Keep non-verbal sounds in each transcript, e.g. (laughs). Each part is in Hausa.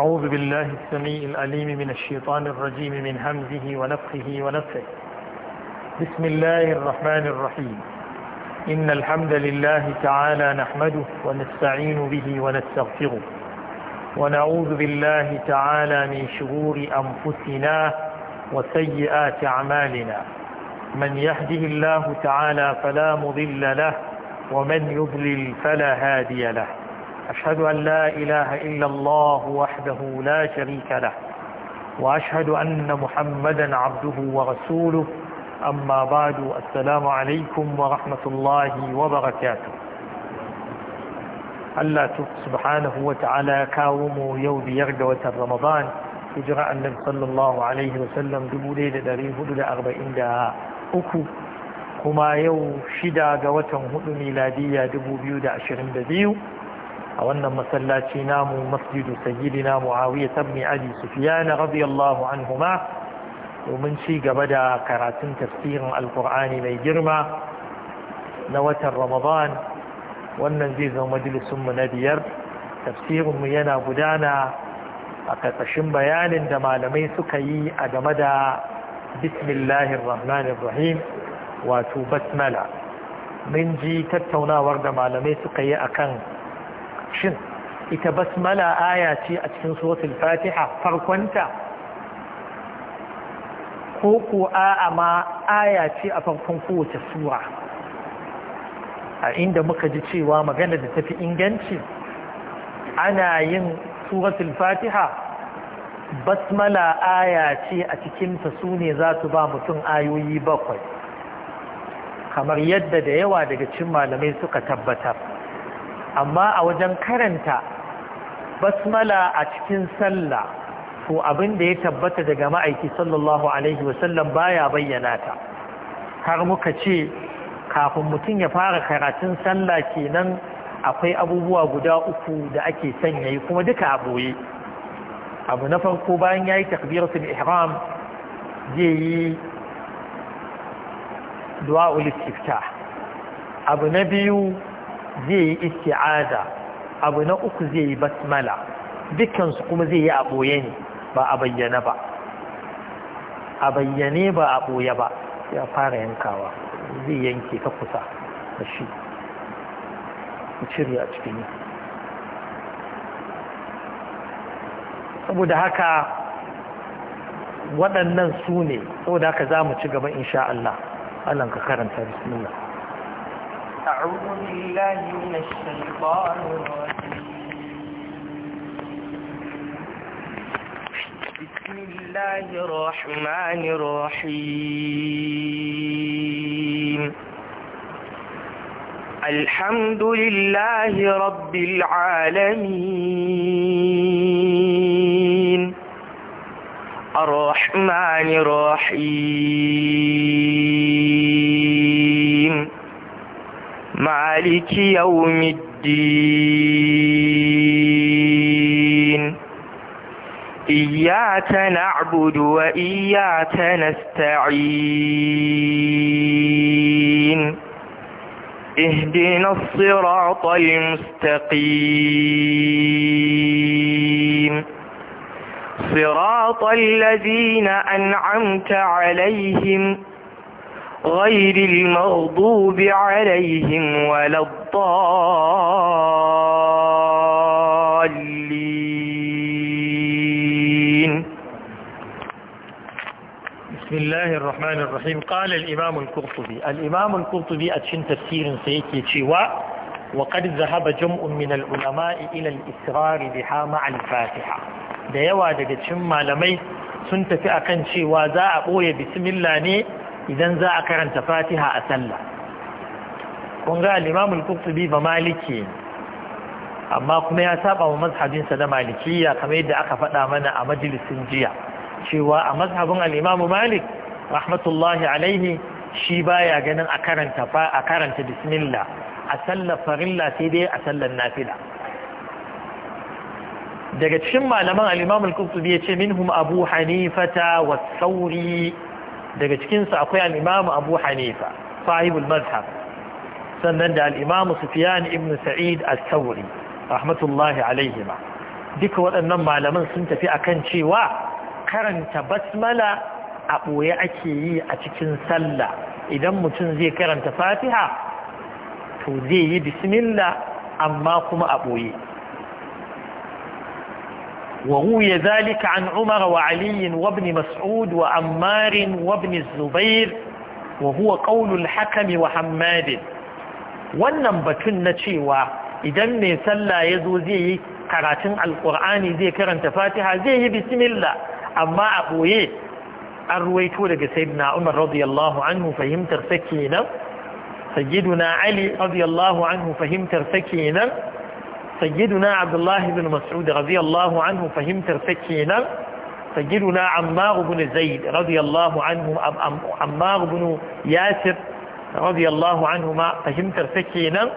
أعوذ بالله السميع الأليم من الشيطان الرجيم من همزه ونفخه ونفخه بسم الله الرحمن الرحيم إن الحمد لله تعالى نحمده ونستعين به ونستغفره ونعوذ بالله تعالى من شرور أنفسنا وسيئات أعمالنا من يهده الله تعالى فلا مضل له ومن يضلل فلا هادي له أشهد أن لا إله إلا الله وحده لا شريك له وأشهد أن محمدا عبده ورسوله أما بعد السلام عليكم ورحمة الله وبركاته Allah subhanahu wa ta'ala ya kawo mu yau biyar ga watan Ramadan, hijira annabi sallallahu Alaihi wasallam uku, kuma yau shida ga watan hudu miladiyya biyu a wannan masallaci namu masjidu sayyidina muawiya ibn ali sufyan radiyallahu anhuma domin ci gaba da karatun tafsirin alkur'ani mai girma na watan ramadan wannan zai zama majalisunmu na biyar tafsirinmu yana gudana a ƙarƙashin bayanin da malamai suka yi a game da bismillahir rahmanir rahim wato basmala min ji tattaunawar da malamai suka yi akan shin ita basmala aya ce a cikin suratul fatiha farkonta ko ko a ma aya ce a farkon kowace sura a inda muka ji cewa magana da tafi inganci ana yin suratul fatiha basmala aya ce a cikinta su ne za su ba mutum ayoyi bakwai kamar yadda da yawa daga cin malamai suka tabbatar amma a wajen karanta basmala a cikin sallah to abin da ya tabbata daga ma'aiki sallallahu alaihi wasallam baya bayyana ta har muka ce kafin mutum ya fara karatun sallah kenan akwai abubuwa guda uku da ake sanya yi kuma duka aboye abu na farko bayan yayi yi takbiratul ihram zai yi du'a istiftah abu na biyu zai yi isti'aza abu na uku zai yi basmala dukansu kuma zai yi a ne ba a bayyana ba a bayyane ba a ɓoye ba ya fara yankawa zai yanke ta kusa da shi cire a cikin yi saboda haka waɗannan su ne saboda haka za mu ci gaba insha Allah Allah ka karanta bismillah أعوذ بالله من الشيطان بسم الله الرحمن الرحيم الحمد لله رب العالمين الرحمن الرحيم مالك يوم الدين إياك نعبد وإياك نستعين اهدنا الصراط المستقيم صراط الذين أنعمت عليهم غير المغضوب عليهم ولا الضالين بسم الله الرحمن الرحيم قال الإمام القرطبي الإمام القرطبي أتشن تفسير سيكي تشيواء وقد ذهب جمع من العلماء إلى الإسرار بها مع الفاتحة ديوا yawa daga cin سنتك أكن شيواء ذا cewa بسم الله نيه idan za a karanta fatiha a sallah kun ga al-imamul ba maliki amma kuma ya saba wa mazhabinsa na malikiya kamar yadda aka faɗa mana a majalisin jiya cewa a mazhabin alimamu malik rahmatullahi alaihi shi baya ganin a karanta fa a karanta bismillah a sallar farilla sai dai a sallar nafila daga cikin malaman alimamu imamu bi ya ce minhum abu hanifata wa sauri daga cikin su akwai al'imamu abu hanifa sahibul mazhab sannan da al'imamu sufiyan ibn sa'id al-sauri rahmatullahi alaihima duka waɗannan malaman sun tafi akan cewa karanta basmala a ɓoye ake yi a cikin sallah idan mutum zai karanta fatiha to zai yi bismillah amma kuma a ɓoye وروي ذلك عن عمر وعلي وابن مسعود وعمار وابن الزبير وهو قول الحكم وحماد wannan batun na cewa idan mai sallah ya zo zai yi karatun alkur'ani zai karanta fatiha zai yi bismillah amma a ɓoye an ruwaito daga sayyidina umar radiyallahu anhu fahimtar sa kenan sayyiduna ali radiyallahu anhu fahimtar sa kenan sayyiduna abdullahi bin mas'ud radiyallahu anhu fahimtar ta kenan sayyiduna ammar ibn zaid radiyallahu anhu ammar ibn yasir anhu ma fahimtar ta kenan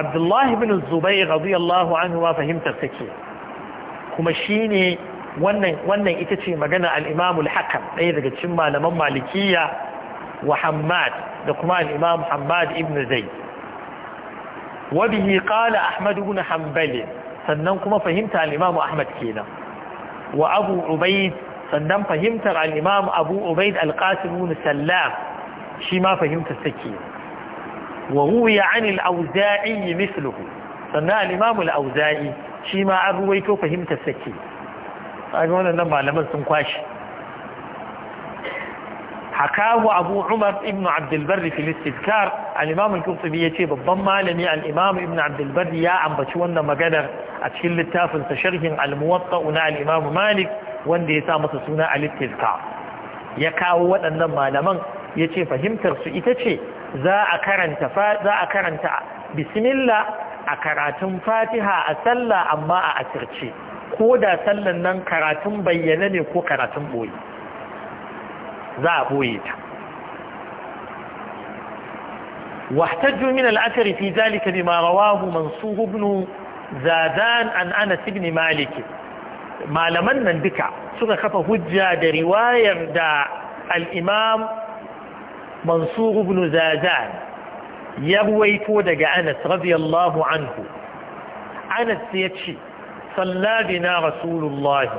abdullahi bin zubair radiyallahu anhu ma fahimtar ta kuma shine wannan wannan ita ce magana al-imam al-hakam ɗaya daga cikin malaman malikiya wa hammad da kuma al-imam hammad ibn zaid wabihi kala ahmadu bin hanbali sannan kuma fahimta al’imamu ahmad kenan wa abu ubaid sannan fahimtar al’imamu abu ubaid alƙasiru na sallam shi ma fahimtar sake wa ruwiya an yi misluhu sannan al’imamu al’auza’i shi ma abubuwaito fahimtar sake a ga wannan malaman sun kwashe. حكاه abu umar ابن عبد البر في الاستذكار ya ce babban malami al-Imam Ibn ya ambaci wannan maganar a cikin littafin sa sharhin al na al Malik wanda ya sa masa suna al-Istizkar ya kawo waɗannan malaman yace fahimtar su ita ce za a karanta za a bismillah a karatun Fatiha a sallah amma a asirce ko da sallan nan karatun bayyane ne ko karatun boye za a واحتجوا من الأثر في ذلك بما رواه منصور بن زادان عن أنس بن مالك ما لمن بك سنة خفى هجة رواية دا الإمام منصور بن زادان يروي فودق أنس رضي الله عنه أنس يتشي صلى بنا رسول الله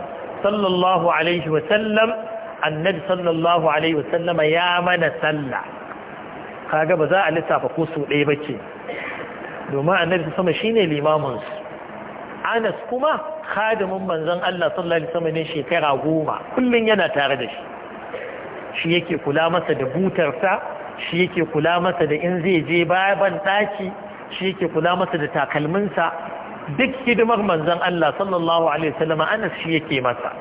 صلى الله عليه وسلم annabi sallallahu alaihi wasallama ya mana sallah kaga ba za a lissafa ko su ɗaya bace domin annabi sama shine limamin su Anas kuma khadimin manzon Allah sallallahu alaihi wasallam ne shekara goma kullun yana tare da shi shi yake kula masa da butarsa shi yake kula masa da in zai je baban daki shi yake kula masa da takalminsa duk hidimar manzon Allah sallallahu alaihi wasallam Anas shi yake masa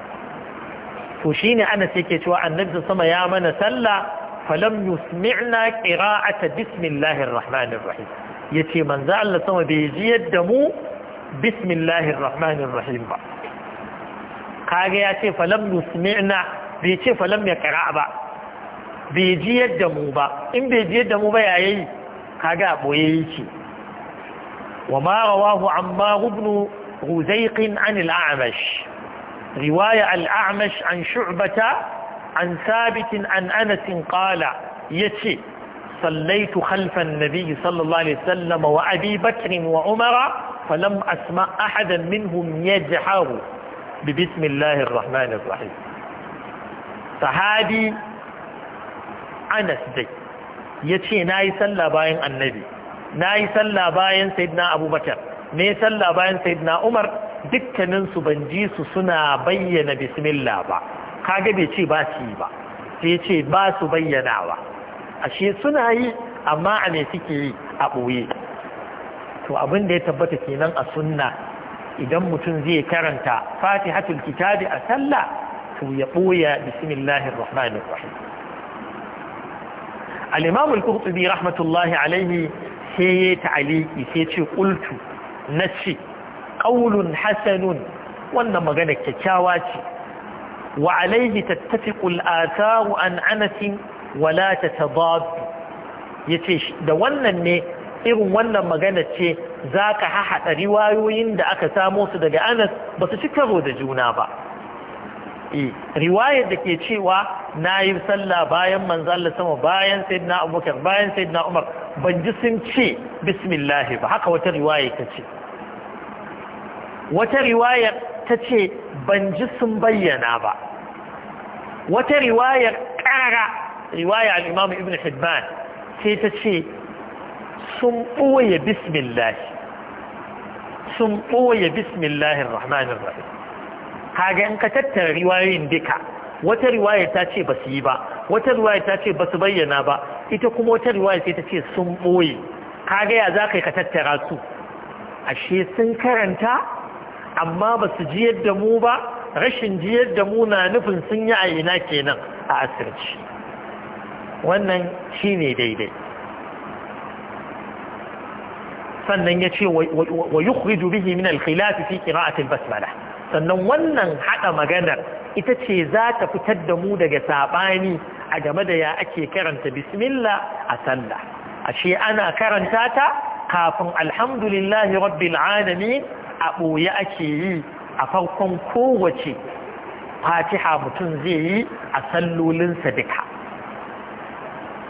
to shine Anas yake cewa annabta sama ya mana sallah falam yusmi'na qira'ata bismillahir rahmanir rahim yace manzo Allah sama bai ji yadda mu bismillahir rahmanir rahim ba kaga ya ce falam yusmi'na bai ce falam ya qira'a ba bai ji yadda mu ba in bai ji yadda mu ba yayi kaga a boye yake wa ma rawahu amma ibn ruzaiq an al-a'mash رواية الأعمش عن شعبة عن ثابت عن أنس قال يتي صليت خلف النبي صلى الله عليه وسلم وأبي بكر وعمر فلم أسمع أحدا منهم يجحر ببسم الله الرحمن الرحيم صحابي أنس دي يتي ناي صلى باين النبي ناي صلى باين سيدنا أبو بكر ناي صلى باين سيدنا عمر dukkanin su ban ji su suna bayyana bismillah ba kaga bai ce ba su yi ba sai ce ba su bayyanawa ashe suna yi amma a me suke yi a ɓoye to abin da ya tabbata kenan a sunna idan mutum zai karanta fatihatul kitabi a sallah to ya ɓoya bismillahir rahmanir rahim al-imam al-qurtubi rahmatullahi alaihi sai ya ta'aliki sai ce qultu nace qawlun hasanun wannan magana kyakkyawa ce wa alayhi tattafiqul atahu an anas wala la yace da wannan ne irin wannan magana ce zaka hahada riwayoyin da aka samo su daga Anas ba su ci da juna ba riwayar da ke cewa na yi sallah bayan Allah sama bayan sayyidina abubakar bayan sayyidina umar ban ji sun ce bismillah ba haka wata riwaya ta ce wata riwayar ta ce ban ji sun bayyana ba wata riwayar ƙara riwaya al'imamu ibn hibban sai ta ce sun ɓoye bismillah sun ɓoye bismillahin rahmanin rahim Haga in ka tattara riwayoyin duka wata riwaya ta ce ba su yi ba wata riwaya ta ce ba su bayyana ba ita kuma wata riwaya sai ta ce sun ɓoye kagaya za ka yi ka tattara su ashe sun karanta amma ba su ji yadda mu ba rashin ji yadda mu na nufin sun yi a ina kenan a asirci wannan shi ne daidai sannan ya ce wa yukhriju bihi min al fi qira'ati basmala sannan wannan hada maganar ita ce za ta fitar da mu daga sabani a game da ya ake karanta bismillah a sallah ashe ana karanta ta kafin alhamdulillahi rabbil alamin a ɓoye ake yi a farkon kowace fatiha mutum zai yi a sallolinsa duka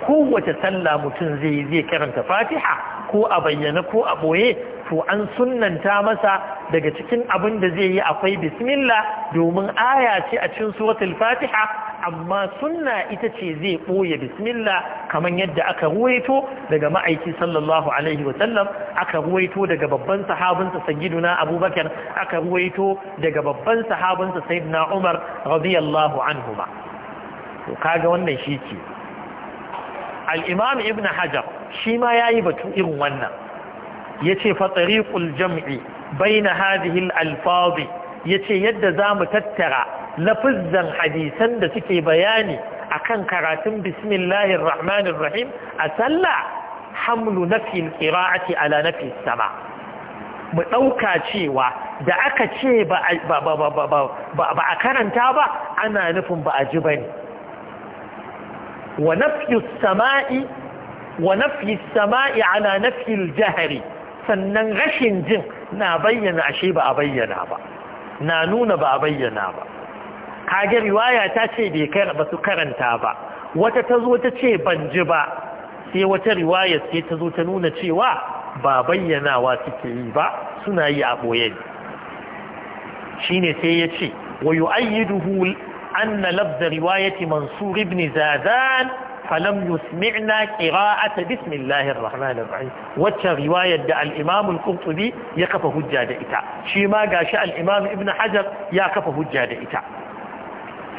kowace sallah mutum zai zai karanta fatiha ko a bayyana ko a ɓoye to an sunnanta masa daga cikin abin da zai yi akwai bismillah domin aya ce a cikin suratul fatiha amma sunna ita ce zai ɓoye bismillah kamar yadda aka ruwaito daga ma'aiki sallallahu alaihi wa sallam aka ruwaito daga babban sahabinsa sayyiduna abubakar aka ruwaito daga babban sahabinsa sayyidina umar radiyallahu anhuma to kaga wannan shi ke al-imam ibn hajar shi ma yayi batu irin wannan yace fa tariqul jam'i baina hadihil al Ya yace yadda zamu tattara lafazzan hadisan da suke bayani a kan karatun bismillahir rahmanir rahim a sallah hamlu nafi ƙira ake ala nafi sama mu ɗauka cewa da aka ce ba a karanta ba ana nufin ba a ji ba ne. wa nafyu sama'i wa nafyi sama'i sannan rashin jin na bayyana ashe ba a bayyana ba na nuna ba a bayyana ba Kage riwaya ta ce ba su karanta ba wata ta zo ta ce ban ji ba sai wata riwaya sai ta zo ta nuna cewa ba bayyanawa suke yi ba suna yi a boye shine sai ya ce wa yu'ayyiduhu أن لفظ رواية منصور بن زادان فلم يسمعنا قراءة بسم الله الرحمن الرحيم وتش رواية دا الإمام القرطبي يقف هجة دا إتا شما قاشا الإمام ابن حجر يقف هجة دا إتا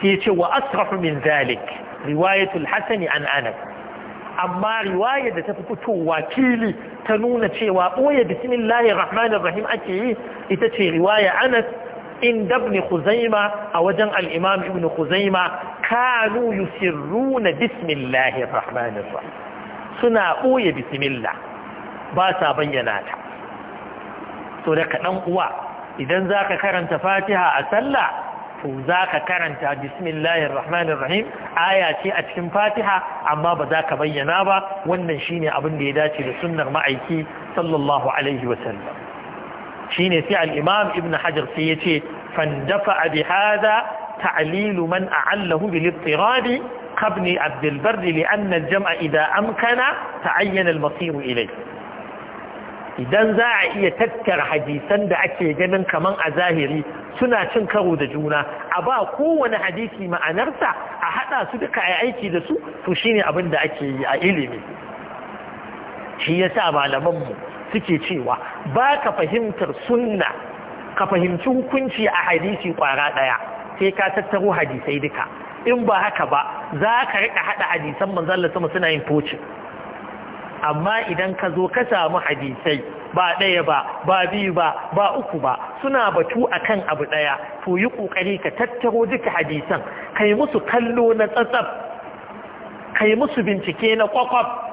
سيتش وأسرح من ذلك رواية الحسن عن أنس amma riwayar da ta fi fitowa kili ta nuna cewa ɓoye bismillahir rahmanir rahim ake yi ita ce riwaya anas inda ibn Khuzaima a wajen al-Imam ibn Khuzaima kanu yusirruna bismillahir rahmanir rahim suna boye bismillah ba sa bayyana ta to da kadan uwa idan zaka karanta Fatiha a sallah to zaka karanta bismillahir rahmanir rahim aya ce a cikin Fatiha amma ba za ka bayyana ba wannan shine abin da ya dace da sunnar ma'aiki sallallahu alaihi sallam. shine sai al-imam ibn hajar sai yace fandafa bi hada ta'lil man a'allahu bil ittirad qabni abd al-bard li'anna al-jam'a idha amkana ta'ayyana al-masir ilayhi idan za a iya tattara hadisan da ake ganin kaman a zahiri suna cin karo da juna a ba kowane hadisi ma'anarsa a haɗa su duka a aiki da su to shine abin da ake yi a ilimi shi yasa malamanmu suke cewa ba ka fahimtar sunna ka fahimci hukunci a hadisi kwara ɗaya sai ka tattaro hadisai duka in ba haka ba za ka rika haɗa hadisan manzalla sama suna yin tocin amma idan ka zo ka samu hadisai ba ɗaya ba ba biyu ba ba uku ba suna batu akan abu ɗaya to yi ƙoƙari ka tattaro duka hadisan kai musu kallo na tsatsaf kai musu bincike na kwakwaf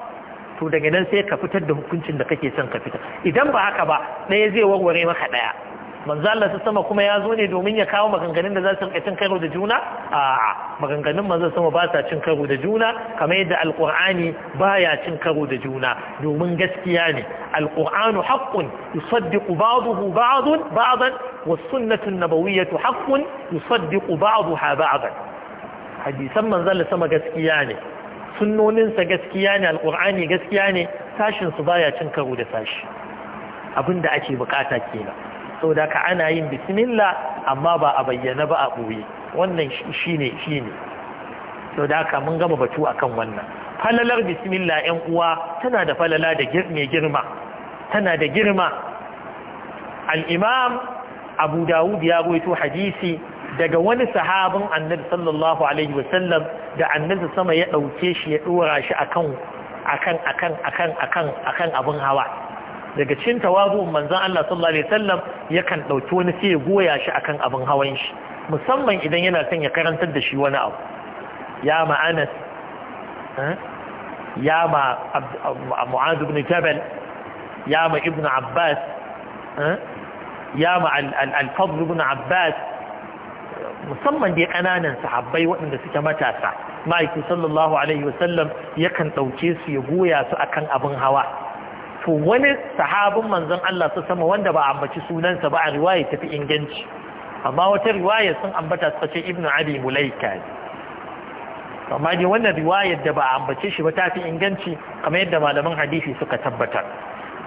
to daga nan sai ka fitar da hukuncin da kake son ka fitar idan ba haka ba ɗaya zai warware maka ɗaya manzo Allah ta sama kuma ya zo ne domin ya kawo maganganun da za su rika cin karo da juna a maganganun manzo sama ba sa cin karo da juna kamar yadda alqur'ani baya cin karo da juna domin gaskiya ne alqur'anu haqqun yusaddiqu ba'dahu ba'dan ba'dan was sunnatu nabawiyyatu haqqun yusaddiqu ba'daha ba'dan hadisan manzo Allah sama gaskiya ne sunnoninsa gaskiya ne alƙur'ani gaskiya ne sashinsu baya cin karo da sashi da ake bukata kenan sau da ka ana yin bismillah amma ba a bayyana ba a ɓoye wannan shi ne shi ne sau da ka mun gama batu a kan wannan falalar bismillah yan uwa tana da falala da mai girma tana da girma al'imam abu dawud ya goyito hadisi daga wani sahabin annabi sallallahu alaihi wasallam da annabi sama ya ɗauke shi ya ɗora shi akan akan akan akan akan akan abin hawa daga cikin tawazu manzon Allah sallallahu alaihi wasallam yakan dauki wani sai ya goya shi akan abin hawan shi musamman idan yana son ya karantar da shi wani abu ya ma'anas Anas eh? ya ma Mu'adh ibn Jabal ya ma Ibn Abbas eh? ya ma Al-Fadl ibn Abbas musamman da dai ƙananan sahabbai waɗanda suke matasa ma'aiki sallallahu alaihi wasallam yakan ɗauke su ya goya su a kan abin hawa to wani sahabin manzon Allah su sama wanda ba ambaci sunansa ba a riwaya tafi inganci amma wata riwaya sun ambata suka ce Ibn abi mulaika amma dai wannan riwayar da ba a ambace shi ba ta fi inganci kamar yadda malaman hadisi suka tabbatar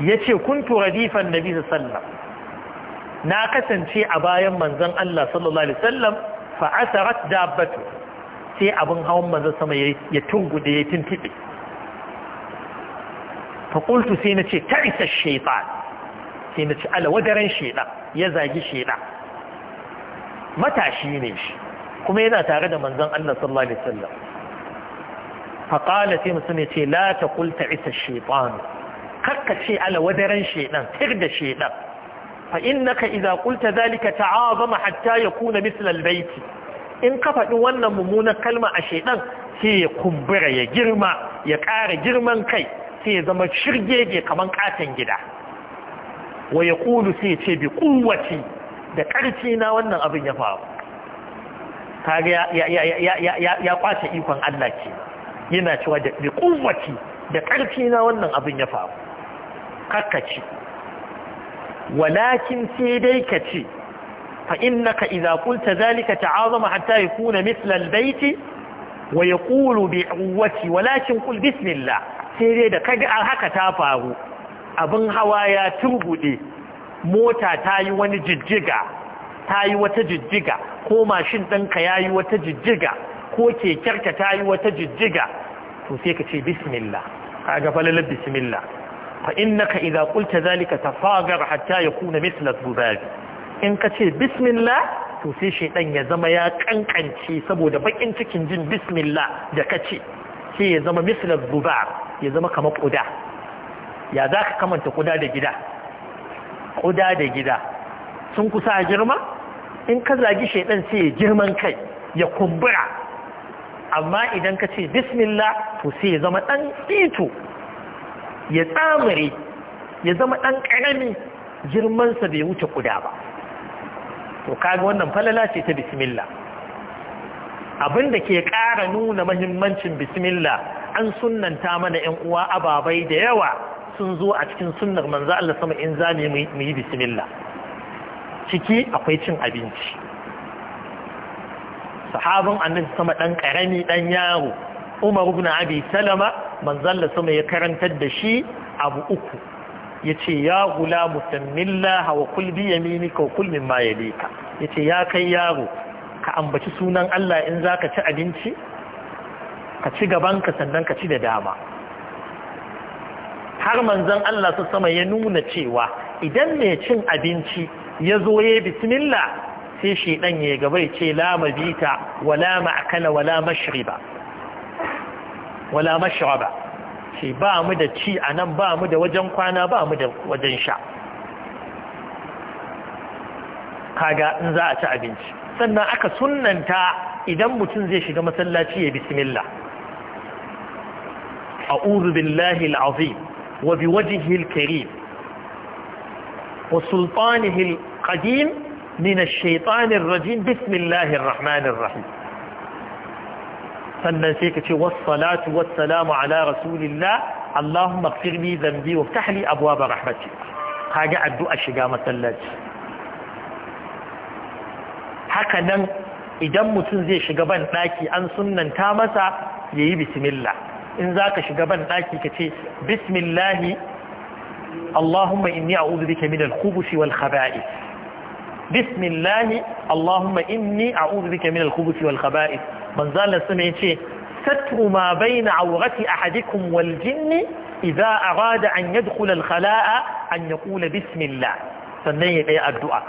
yace kuntu radifan nabi sallallahu alaihi wasallam na kasance a bayan manzan Allah sallallahu alaihi wasallam fa asarat dabbatu sai abin hawan manzon sama ya tungude ya tintibe fa kultu sai na nace ta'isa shaytan sai nace ala wadaran shaytan ya zagi shaytan matashi ne shi kuma yana tare da manzan Allah sallallahu alaihi wasallam fa qala sai mutum yace la taqul ta'isa shaytan kakka ce ala wadaran shaytan tir da shaytan fa innaka idza qulta zalika ta'azama hatta yakuna mithla albayt in ka faɗi wannan mummunan kalma a shedan sai ya kumbura ya girma ya ƙara girman kai sai ya zama shirgege kaman ƙaton gida wa yaqulu sai ce bi quwwati da ƙarfi na wannan abin ya faru Kare ya ya ya ya kwace ikon Allah ke yana cewa da bi quwwati da ƙarfi na wannan abin ya faru kakkaci walakin sai dai ka ce fa innaka idza qulta zalika ta'azama hatta yakuna mithla albayti wa yaqulu bi uwati walakin qul bismillah sai dai da kaga haka ta faru abin hawa ya turbude mota ta yi wani jijjiga ta yi wata jijjiga ko mashin ɗinka ya yi wata jijjiga ko kekerka ta yi wata jijjiga to sai ka ce bismillah kaga falalar bismillah fa innaka idza qulta zalika tafagar hatta yakuna mithla dhubab in kace bismillah to sai shaidan ya zama ya kankance saboda bakin cikin jin bismillah da kace sai ya zama mislar zubar ya zama kamar kuda ya za ka kamanta kuda da gida kuda da gida sun kusa a girma in ka zagi shaidan sai ya girman kai ya kumbura amma idan ka ce bismillah to sai ya zama dan ito ya tsamare ya zama ɗan ƙarami girmansa bai wuce kuda ba to kaga wannan falala ce ta bismillah abinda ke ƙara nuna mahimmancin bismillah an sunanta mana ‘yan uwa ababai da yawa sun zo a cikin sunnar manzo Allah sama in za mu yi bismillah ciki akwai cin abinci sahabin annabi sama ɗan ƙarami ɗan yaro umar ibn abi salama manzalla sama ya karantar da shi abu uku yace ya gula tamillaha wa kul bi yaminika wa kul mimma yalika yace ya kai yaro ka ambaci sunan Allah in zaka ci abinci ka ci gaban ka sannan ka ci da dama har manzon Allah su sama ya nuna cewa idan mai cin abinci ya zo ya bismillah sai ɗan ya gaba ya ce la mabita wala ma'kala wala mashriba wala mashraba shi ba mu da ci a nan ba mu da wajen kwana ba mu da wajen sha kaga in za a ci abinci sannan aka sunnanta idan mutum zai shiga masallaci ya bismillah a'udhu billahi al'azim wa biwajhihi al-karim wa sultanihi al-qadim min ash-shaytanir rajim bismillahir rahmanir rahim sannan sai ka ce wassalatu wassalamu ala rasulillah Allahumma ighfir li dhanbi wa iftah li abwaab rahmatik kaga addu'a shiga masallaci haka nan idan mutum zai shiga ban daki an sunnanta masa yayi bismillah in zaka shiga ban daki ce bismillah Allahumma inni a'udhu bika min al-khubuthi wal khaba'ith بسم الله اللهم إني أعوذ بك من wal والخبائث manzalar su ne ce satru ma na aurati ahadikum wal iza idza arada an yadkhula kulal khala'a an kula bismillah sannan ya dai addu'a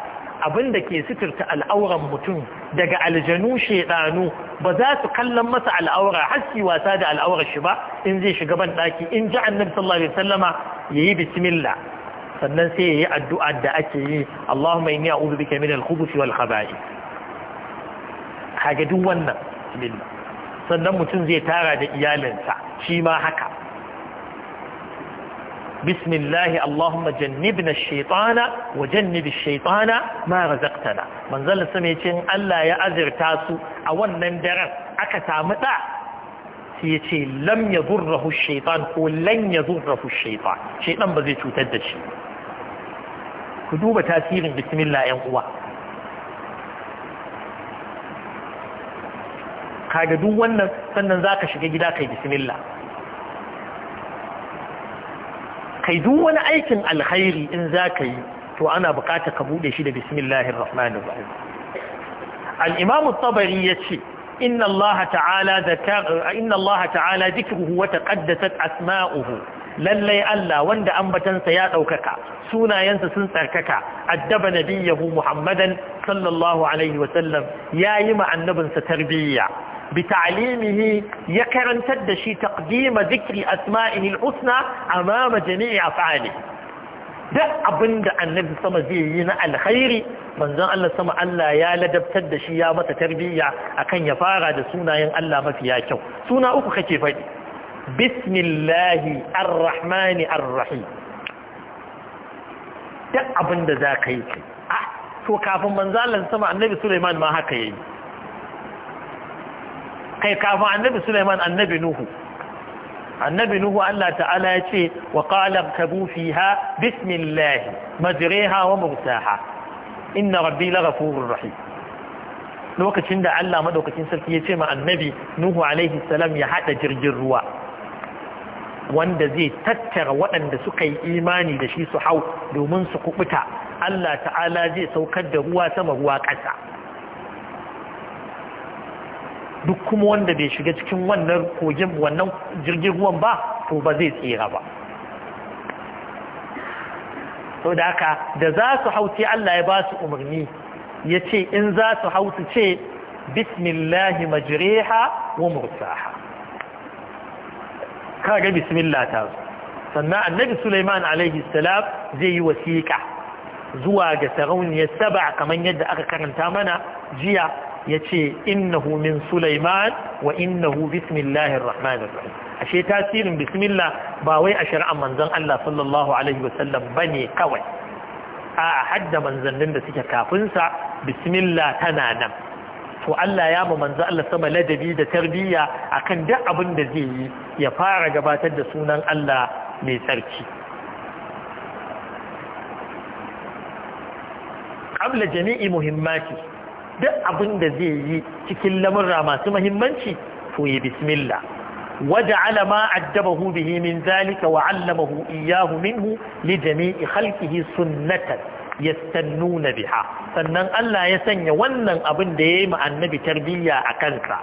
abinda ke sitirta al'auran mutum daga aljanu shedanu ba za su kallon masa al'aura haski wasa da al'aurar shi ba in zai shiga ban daki in ji annabi sallallahu alaihi ya yayi bismillah sannan sai yayi addu'a da ake yi Allahumma inni a'udhu bika min al-khubuthi wal khaba'ith kage duk wannan sannan mutum zai tara da iyalinsa shi ma haka bismillah allahumma jannibna shaitana shaytana wa jannib ash-shaytana ma razaqtana manzal sama yace in Allah ya azirta su a wannan daren aka samu da sai yace lam yadurruhu shaitan ko lan yadurruhu shaitan? Shaitan ba zai cutar da shi ku duba tasirin bismillah 'yan uwa kaga duk wannan sannan za ka shiga gida kai bismillah kai duk wani aikin alkhairi in za ka yi to ana bukata ka bude shi da bismillahir rahmanir rahim al-imam at-tabari yace inna Allah ta'ala zakar inna Allah ta'ala dhikruhu wa taqaddasat asma'uhu lallai Allah wanda ambatansa ya daukaka sunayensa sun tsarkaka addaba nabiyahu Muhammadan sallallahu alaihi wa sallam yayi ma annabinsa tarbiyya bi ta'limihi ya karantar da shi taqdima zikri asma'ihi al-husna amama jami'i af'ali duk abinda annabi sama zai yi na alkhairi manzon Allah sama Allah ya ladabtar da shi ya masa tarbiyya akan ya fara da sunayen Allah kyau suna uku kake faɗi bismillahi arrahmani arrahim duk abinda za ka yi to kafin manzon sama annabi Sulaiman ma haka yayi kai kafin annabi Sulaiman annabi Nuhu annabi Nuhu Allah ta'ala ya ce wa qala kabu fiha bismillah majriha wa mursaha inna rabbi laghafurur rahim lokacin da Allah madaukakin sarki ya ce ma annabi Nuhu alaihi salam ya hada jirgin ruwa wanda zai tattara waɗanda suka yi imani da shi su hau domin su kubuta Allah ta'ala zai saukar da ruwa sama ruwa ƙasa duk kuma wanda bai shiga cikin wannan kogin wannan jirgin ruwan ba to ba zai tsira ba sau da haka da za su hau Allah ya ba su umarni ya ce in za su hau su ce bismillahi majriha wa mursaha kaga bismillah ta zo sannan annabi Suleiman alaihi salam zai yi wasiƙa zuwa ga sarauniyar saba kamar yadda aka karanta mana jiya yace innahu min sulaiman wa innahu bismillahir rahmanir rahim ashe tasirin bismillah ba wai a shari'a manzon Allah sallallahu alaihi wasallam bane kawai a hadda manzannin da suke kafin sa bismillah tana nan to Allah ya ma manzo Allah sama ladabi da tarbiyya akan duk abin da zai yi ya fara gabatar da sunan Allah mai tsarki qabla jami'i muhimmati duk abin da zai yi cikin lamurra masu mahimmanci to yi bismillah wadda alama addabahu bihi min zalika wa 'allamahu iyahu minhu li jami'i khalqihi sunnatan yastannuna biha sannan Allah ya sanya wannan abin da yayi ma annabi tarbiyya a kansa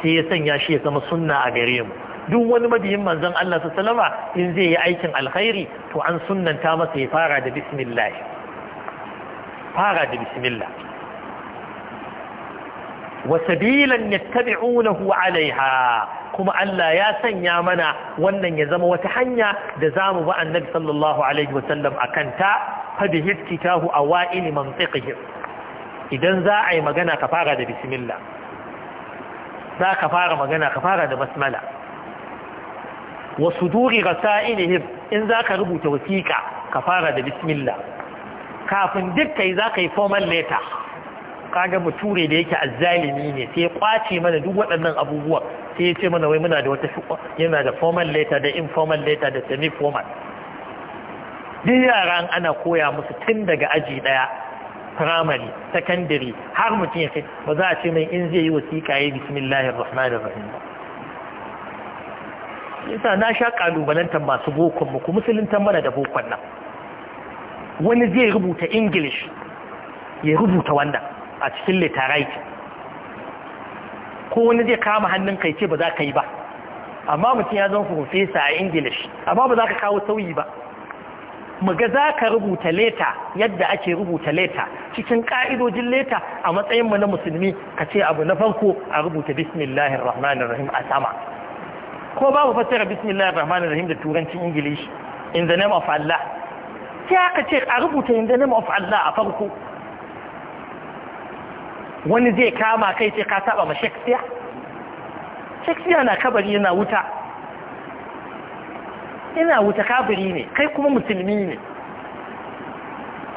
sai ya sanya shi ya zama sunna a gare mu duk wani mabiyin manzon Allah sallama in zai yi aikin alkhairi to an sunnanta masa ya fara da bismillah fara da bismillah wa sabilan yattabi'unahu 'alayha kuma Allah ya sanya mana wannan ya zama wata hanya da zamu ba annabi sallallahu alaihi wasallam akan ta fa bi hittitahu awail mantiqihi idan za a yi magana ka fara da bismillah za ka fara magana ka fara da basmala wa suduri rasailihim in za ka rubuta wasiƙa ka fara da bismillah kafin duk kai za ka yi formal letter kaga muture da yake azzalimi ne sai ya kwace mana duk waɗannan abubuwa sai yace mana wai muna da wata yana da formal letter da informal letter da semi formal duk yaran ana koya musu tun daga aji daya primary secondary har mutum ya kai ba za a ce mai in zai yi wasiƙa yi bismillahir rahmanir rahim yasa na sha kalubalanta masu bokon mu ku musulunta mana da bokon nan wani zai rubuta english ya rubuta wannan a cikin litarai ko wani zai kama hannun kai ce ba za ka yi ba amma mutum ya zama profesa a ingilish amma ba za ka kawo sauyi ba muga za ka rubuta leta yadda ake rubuta leta cikin ka'idojin leta a matsayinmu na musulmi ka ce abu na farko a rubuta bismillahir rahmanir rahim a sama ko babu fassara bismillahir rahmanir rahim da turancin ingilishi in the name of Allah sai aka ce a rubuta in the name of Allah a farko wani zai kama kai ce ka saba ma shakespeare shakespeare na kabari yana wuta yana wuta kabari ne kai kuma musulmi ne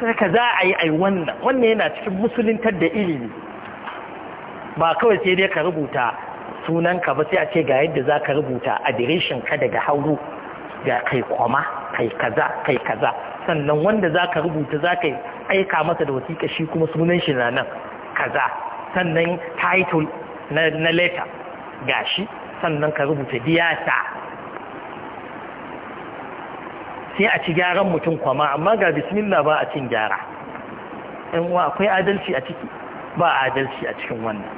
saka za a yi ai wannan wannan yana cikin musulintar da ilimi ba kawai sai dai ka rubuta sunanka ba sai a ce ga yadda za ka rubuta adireshin ka daga hauru da kai kwama kai kaza kai kaza sannan wanda za ka rubuta za ka aika masa da wasiƙa shi kuma sunan shi na nan kaza sannan title na letter gashi sannan ka rubuta diyata sai a ci gyaran mutum kwama amma ga bismillah ba a cin gyara in wa akwai adalci a ciki ba adalci a cikin wannan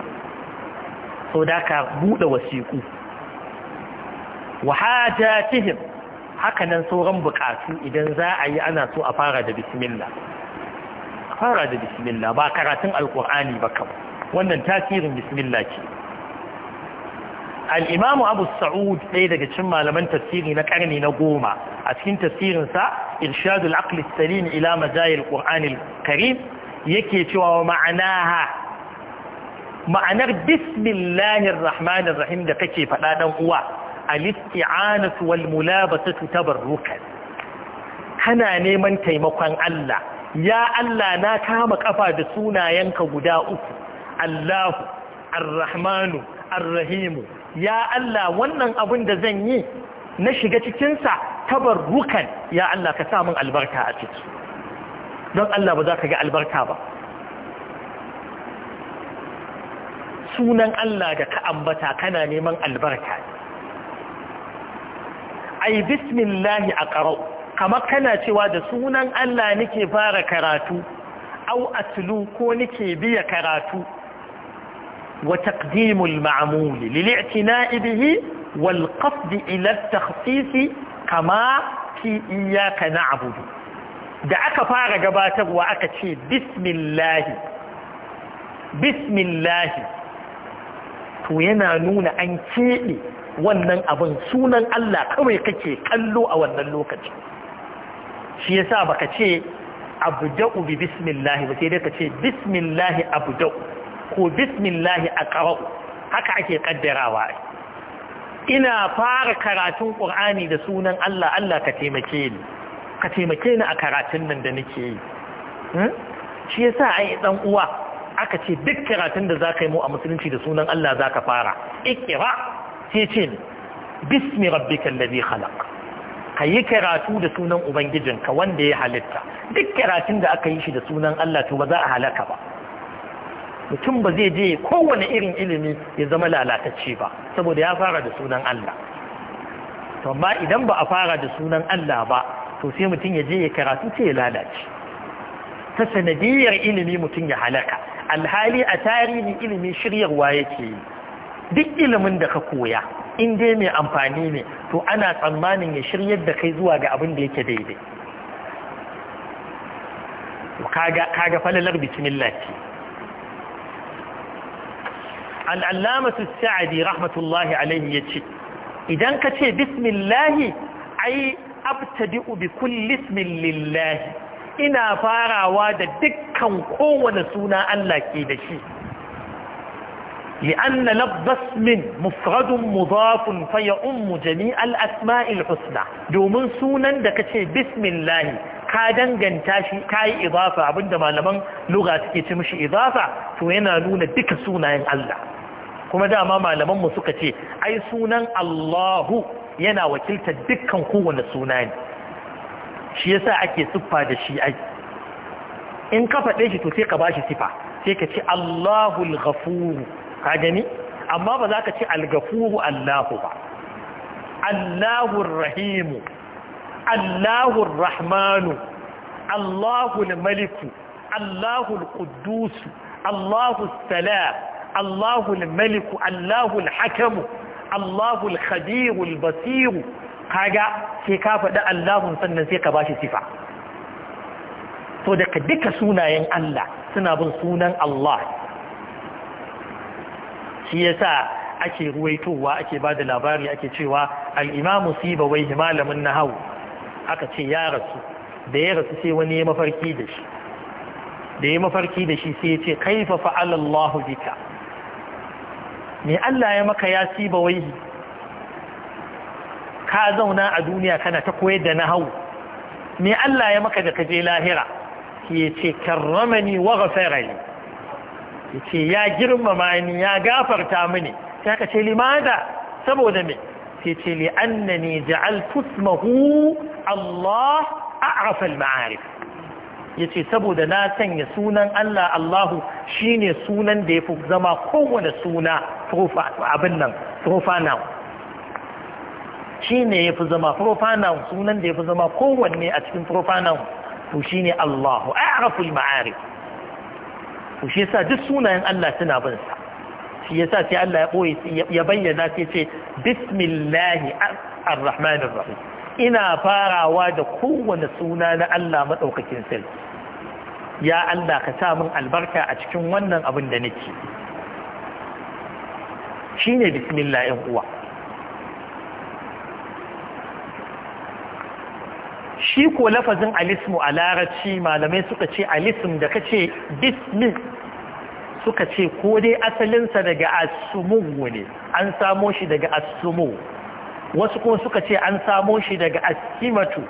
so da ka buɗe wasiƙu wahajatihim haka nan sauran buƙatu idan za a yi ana so a fara da bismillah fara da bismillah ba karatun alkur'ani ba kam wannan tasirin bismillah ce al'imamu abu sa'ud ɗaya daga cin malaman tasiri na ƙarni na goma a cikin sa, irshadul aqli salim ila majayil qur'anil karim yake cewa ma'anaha ma'anar bismillahir rahmanir rahim da kake faɗa dan uwa al-isti'anatu wal mulabasatu tabarrukan kana neman taimakon Allah ya Allah na kama kafa da sunayenka guda uku Allahu Ar-Rahmanu Ar-Rahimu ya Allah wannan abin da zan yi na shiga cikinsa tabarrukan ya Allah ka sa min albarka a ciki don Allah ba za ka ga albarka ba sunan Allah da ka ambata kana neman albarka ai bismillahi a ƙarau kamar kana cewa da sunan Allah nake fara karatu au atlu ko nake biya karatu wa taqdimul ma'mul lil'tina'i bihi wal qasd ila at kama fi iyyaka na'budu da aka fara gabatarwa aka ce bismillah bismillah to yana nuna an keɓe wannan abin sunan Allah kawai kake kallo a wannan lokacin shi yasa baka ce da'u bi bismillah ba sai dai ka ce bismillah da'u ko bismillah aqra'u haka ake kaddarawa ina fara karatun qur'ani da sunan Allah Allah ka taimake ni ka taimake ni a karatun nan da nake yi hmm? shi yasa ai ɗan uwa aka ce duk karatun da zaka yi mu a musulunci da sunan Allah za ka fara ikira sai ce bismi rabbikal ladhi khalaq ka yi karatu da sunan ubangijinka wanda ya halitta duk karatun da aka yi shi da sunan Allah to ba za a halaka ba mutum ba zai je kowane irin ilimi ya zama lalatacce ba saboda ya fara da sunan Allah amma idan ba a fara da sunan Allah ba to sai mutum ya je ya karatu sai ya lalace ta sanadiyar ilimi mutum ya halaka alhali a tarihin ilimi shiryarwa yake yi duk ilimin da ka koya in dai mai amfani ne to ana tsammanin ya shiryar da kai zuwa ga abin da yake daidai kaga falalar lati al’allama su sa'adi rahmatullahi alaihi ya ce idan ka ce bismillahi ai abtadi'u bi kun lillahi ina farawa da dukkan kowane suna Allah ke da shi لأن لفظ اسم مفرد مضاف فيؤم جميع الأسماء الحسنى دومن سونا دكتي بسم الله ka danganta shi ka yi idafa abinda malaman lura suke ce mishi to yana nuna duka sunayen Allah kuma dama mu suka ce ai sunan Allahu yana wakiltar dukkan kowane suna ne shi yasa ake siffa da shi ai in ka faɗe shi to sai ka bashi sifa sai ka ce Allahul Ghafur ka gani amma ba za ka ce algafuru allahu ba allahun rahimu allahun rahmanu allahun maliku allahun kudusu allahun salam allahun maliku allahun hakamu allahun khadirul basiru kaga sai ka faɗi allahun sannan sai ka ba shi sifa to daga duka sunayen Allah suna bin sunan Allah shi yasa ake ruwaitowa ake ba da labari ake cewa al'imamu ba wai malamin na hau aka ce ya rasu da ya rasu sai wani ya mafarki da shi da ya mafarki da shi sai ya ce kaifa fa'alallahu bika me Allah ya maka ya ba wai ka zauna a duniya kana ta koyar da na hau me Allah ya maka da kaje lahira sai ya ce karramani wa ghafarani yace ya girmama ni ya gafarta mini sai ka ce limada saboda me sai ce li annani ja'altu ismahu Allah a'rafa al-ma'arif yace saboda na sanya sunan Allah Allahu shine sunan da yafi zama kowanne suna abin nan profa shine yafi zama profa sunan da yafi zama kowanne a cikin profa noun to shine Allahu a'rafu al-ma'arif Ku shi yasa duk sunayen Allah suna bin sa shi yasa sai Allah ya boye ya bayyana sai ce bismillahi arrahmanir rahim ina farawa da kowane suna na Allah madaukakin sarki ya Allah ka sa min albarka a cikin wannan abin da nake shine bismillah 'yan uwa shi ko lafazin alismu a larabci malamai suka ce alism da kace dismin suka ce ko dai asalinsa daga asumu ne an samo shi daga asumu wasu kuma suka ce an samo shi daga asimatu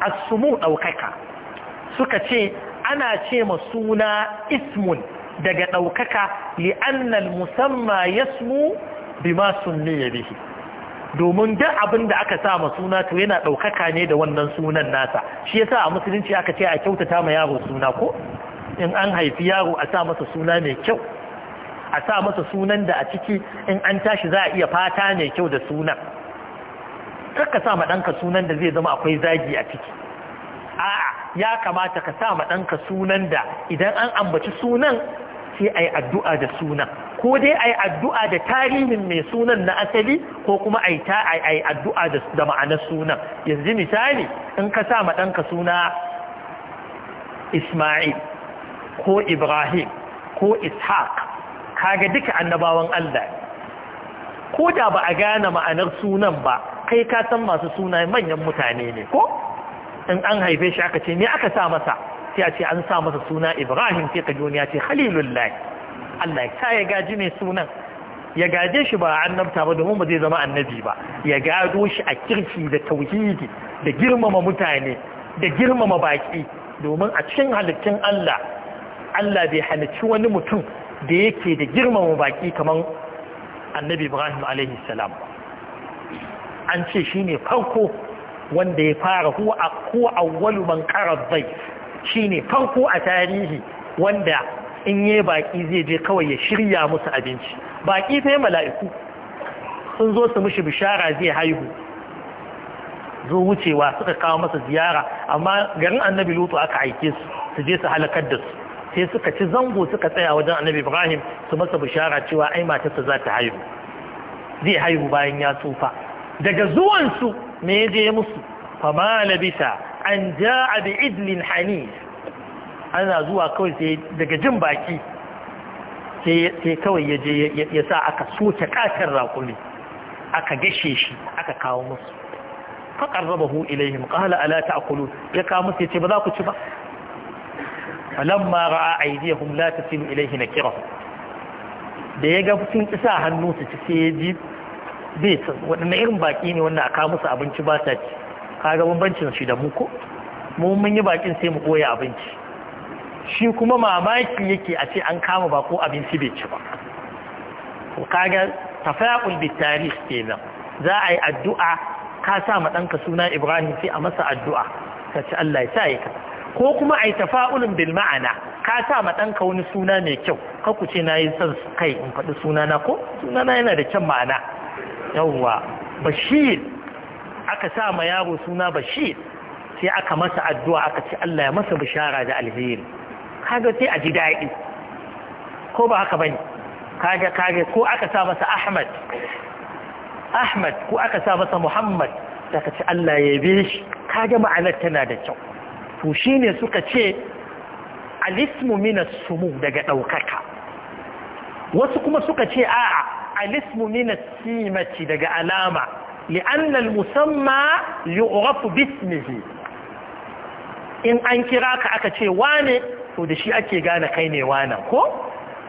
asumu ɗaukaka suka ce ana ce ma suna ismun daga ɗaukaka li'annal musamma yasmu bima ya bihi domin duk abin da aka sa ma suna to yana ɗaukaka ne da wannan sunan nasa shi yasa a musulunci aka ce a kyautata ma yaro suna ko in an haifi yaro a sa masa suna mai kyau a sa masa sunan da a ciki in an tashi za a iya fata mai kyau da sunan ka sa ma ɗanka sunan da zai zama akwai zagi a ciki a'a ya kamata ka sa ma ɗanka sunan da idan an ambaci sunan sai a addu'a da sunan ko dai ai addu'a da tarihin mai sunan na asali ko kuma ai ta addu'a da ma'anar sunan yanzu misali in ka sa ma ɗanka suna Ismail ko Ibrahim ko Ishaq kaga duka annabawan Allah ko da ba a gane ma'anar sunan ba kai ka san masu suna manyan mutane ne ko in an haife shi aka ce me aka sa masa sai a ce an sa masa suna Ibrahim sai ka ji wani ce Khalilullahi Allah ya ya gaji mai sunan ya gaje shi ba annabta ba domin ba zai zama annabi ba ya gado shi a kirki da tauhidi da girmama mutane da girmama baki domin a cikin halittun Allah Allah bai halicci wani mutum da yake da girmama baki kamar annabi Ibrahim alaihi salam an ce shine farko wanda ya fara huwa awwalu man qara dhayf shine farko a tarihi wanda in yi baƙi zai je kawai ya shirya musu abinci baƙi yi mala'iku sun zo su mishi bishara zai haihu zo wucewa suka kawo masa ziyara amma garin annabi lutu aka aike su su je su halakar da su sai suka ci zango suka tsaya wajen annabi ibrahim su masa bishara cewa ai matarsa za ta haihu zai haihu bayan ya tsufa daga zuwansu me ya je musu fama labisa an ja'a bi idlin hanis ana zuwa kawai sai daga jin baki sai kawai ya je ya sa aka soke kashin rakuli aka gashe shi aka kawo musu faƙar raba hu ilayhim ƙala ala ta'kulu ya kawo musu ya ce ba za ku ci ba falamma ra'a aydihum la tasilu ilayhi nakira da ya ga sun isa hannu su ci sai ya ji bai wadannan irin baƙi ne wannan a kawo musu abinci ba ta ci kaga bambancin shi da mu ko mu mun yi baƙin sai mu koya abinci shi kuma mamaki yake a ce an kama bako abinci bai ci ba kaga tafa'ul bi kenan za a yi addu'a ka sa ma danka suna Ibrahim sai a masa addu'a ka ci Allah ya sa ka ko kuma ai tafa'ulun bil ma'ana ka sa ma danka wani suna mai kyau ka ku ce nayi son kai in faɗi suna na ko suna na yana da kyan ma'ana Yawa bashir aka sa ma yaro suna bashir sai aka masa addu'a aka ce Allah ya masa bishara da alheri kaga sai a ji daɗi ko ba haka bane kaga kaga ko aka sa masa Ahmad Ahmad ko aka sa masa Muhammad daga Allah ya yabe shi kaga ma'anar tana da kyau to shine suka ce al-ismu min as-sumu daga daukaka wasu kuma suka ce a'a al-ismu min as-simati daga alama li'anna al-musamma yu'rafu bismihi in an kira ka aka ce wane to da shi ake gane kai ne wanan ko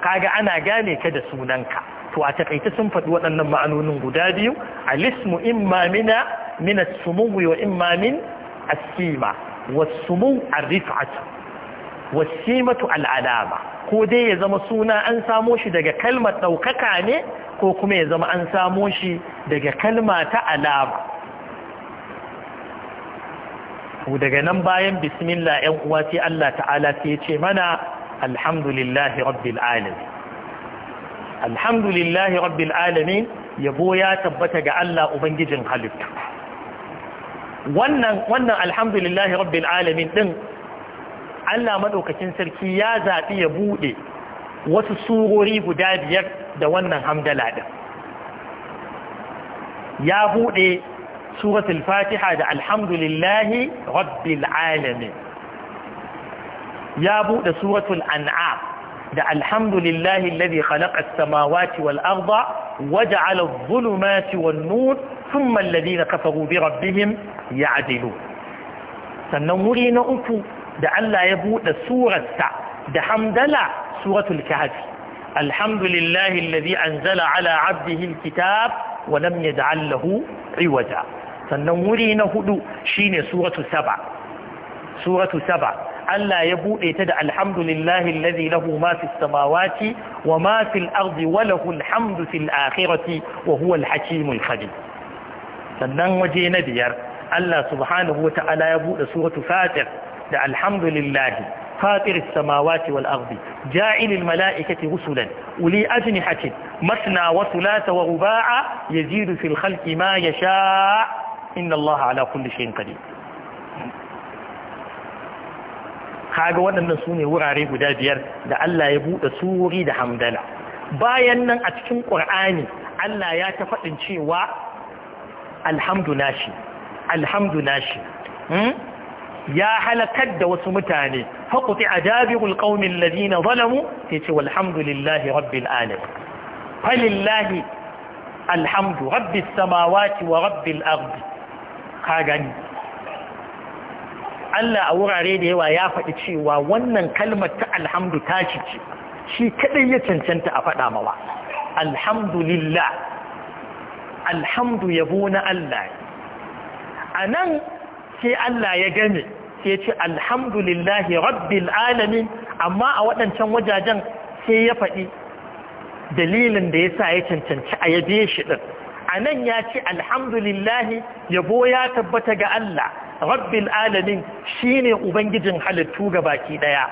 kaga ana gane ka da sunanka to a takaice sun faɗi waɗannan ma'anonin guda biyu alismu imma mina min as-sumuwi wa imma min as-sima was-sumu ar-rif'atu was-simatu al-alama ko dai ya zama suna an samo shi daga kalmar ɗaukaka ne ko kuma ya zama an samo shi daga kalma ta alama to daga nan bayan bismillah yan uwa sai Allah ta'ala sai ya ce mana alhamdulillahi rabbil alamin alhamdulillahi rabbil alamin yabo ya tabbata ga Allah ubangijin halitta. wannan wannan alhamdulillahi rabbil alamin din Allah madaukakin sarki ya zaɓi ya buɗe wasu surori guda biyar da wannan hamdala ɗin ya buɗe سورة الفاتحة ده الحمد لله رب العالمين يا بو ده سورة الأنعام ده الحمد لله الذي خلق السماوات والأرض وجعل الظلمات والنور ثم الذين كفروا بربهم يعدلون سنوري نؤفو ده ألا يبو ده سورة ده لا سورة الكهف الحمد لله الذي أنزل على عبده الكتاب ولم يجعل له عوجا sannan wuri na hudu shine suratu saba suratu saba Allah ya bude ta da alhamdulillahi allazi lahu ma fis samawati wa ma fil ardi wa lahu alhamdu fil akhirati wa huwa alhakimul khabir sannan waje na biyar Allah subhanahu wa ta'ala ya bude suratu fatir da alhamdulillahi فاطر السماوات والأرض جاعل الملائكة رسلا أولي أجنحة مثنى وثلاث ورباع يزيد في الخلق ما يشاء inna Allah ala kulli shay'in qadir kaga waɗannan su ne wurare guda biyar da Allah ya buɗe suri da hamdala bayan nan a cikin ƙur'ani Allah ya ta faɗin cewa alhamdu nashi alhamdu nashi hmm? ya halakar da wasu mutane haƙuti a jabirul ƙaunin lalina zalamu ya ce lillahi rabbil alam falillahi alhamdu rabbi samawati wa rabbil ardi ka gani Allah a wurare da yawa ya faɗi cewa wannan kalmar ta alhamdu ta ce shi kaɗai ya cancanta a faɗa mawa alhamdulillah alhamdu yabo na Allah a nan sai Allah ya gani sai ce alhamdulillahi rabbil alamin amma a waɗancan wajajen sai ya faɗi dalilin da ya sa ya cancanci a yabe shi ɗin anan ya ce alhamdulillahi yabo ya tabbata ga Allah rabbil alamin shine ubangijin halittu ga baki daya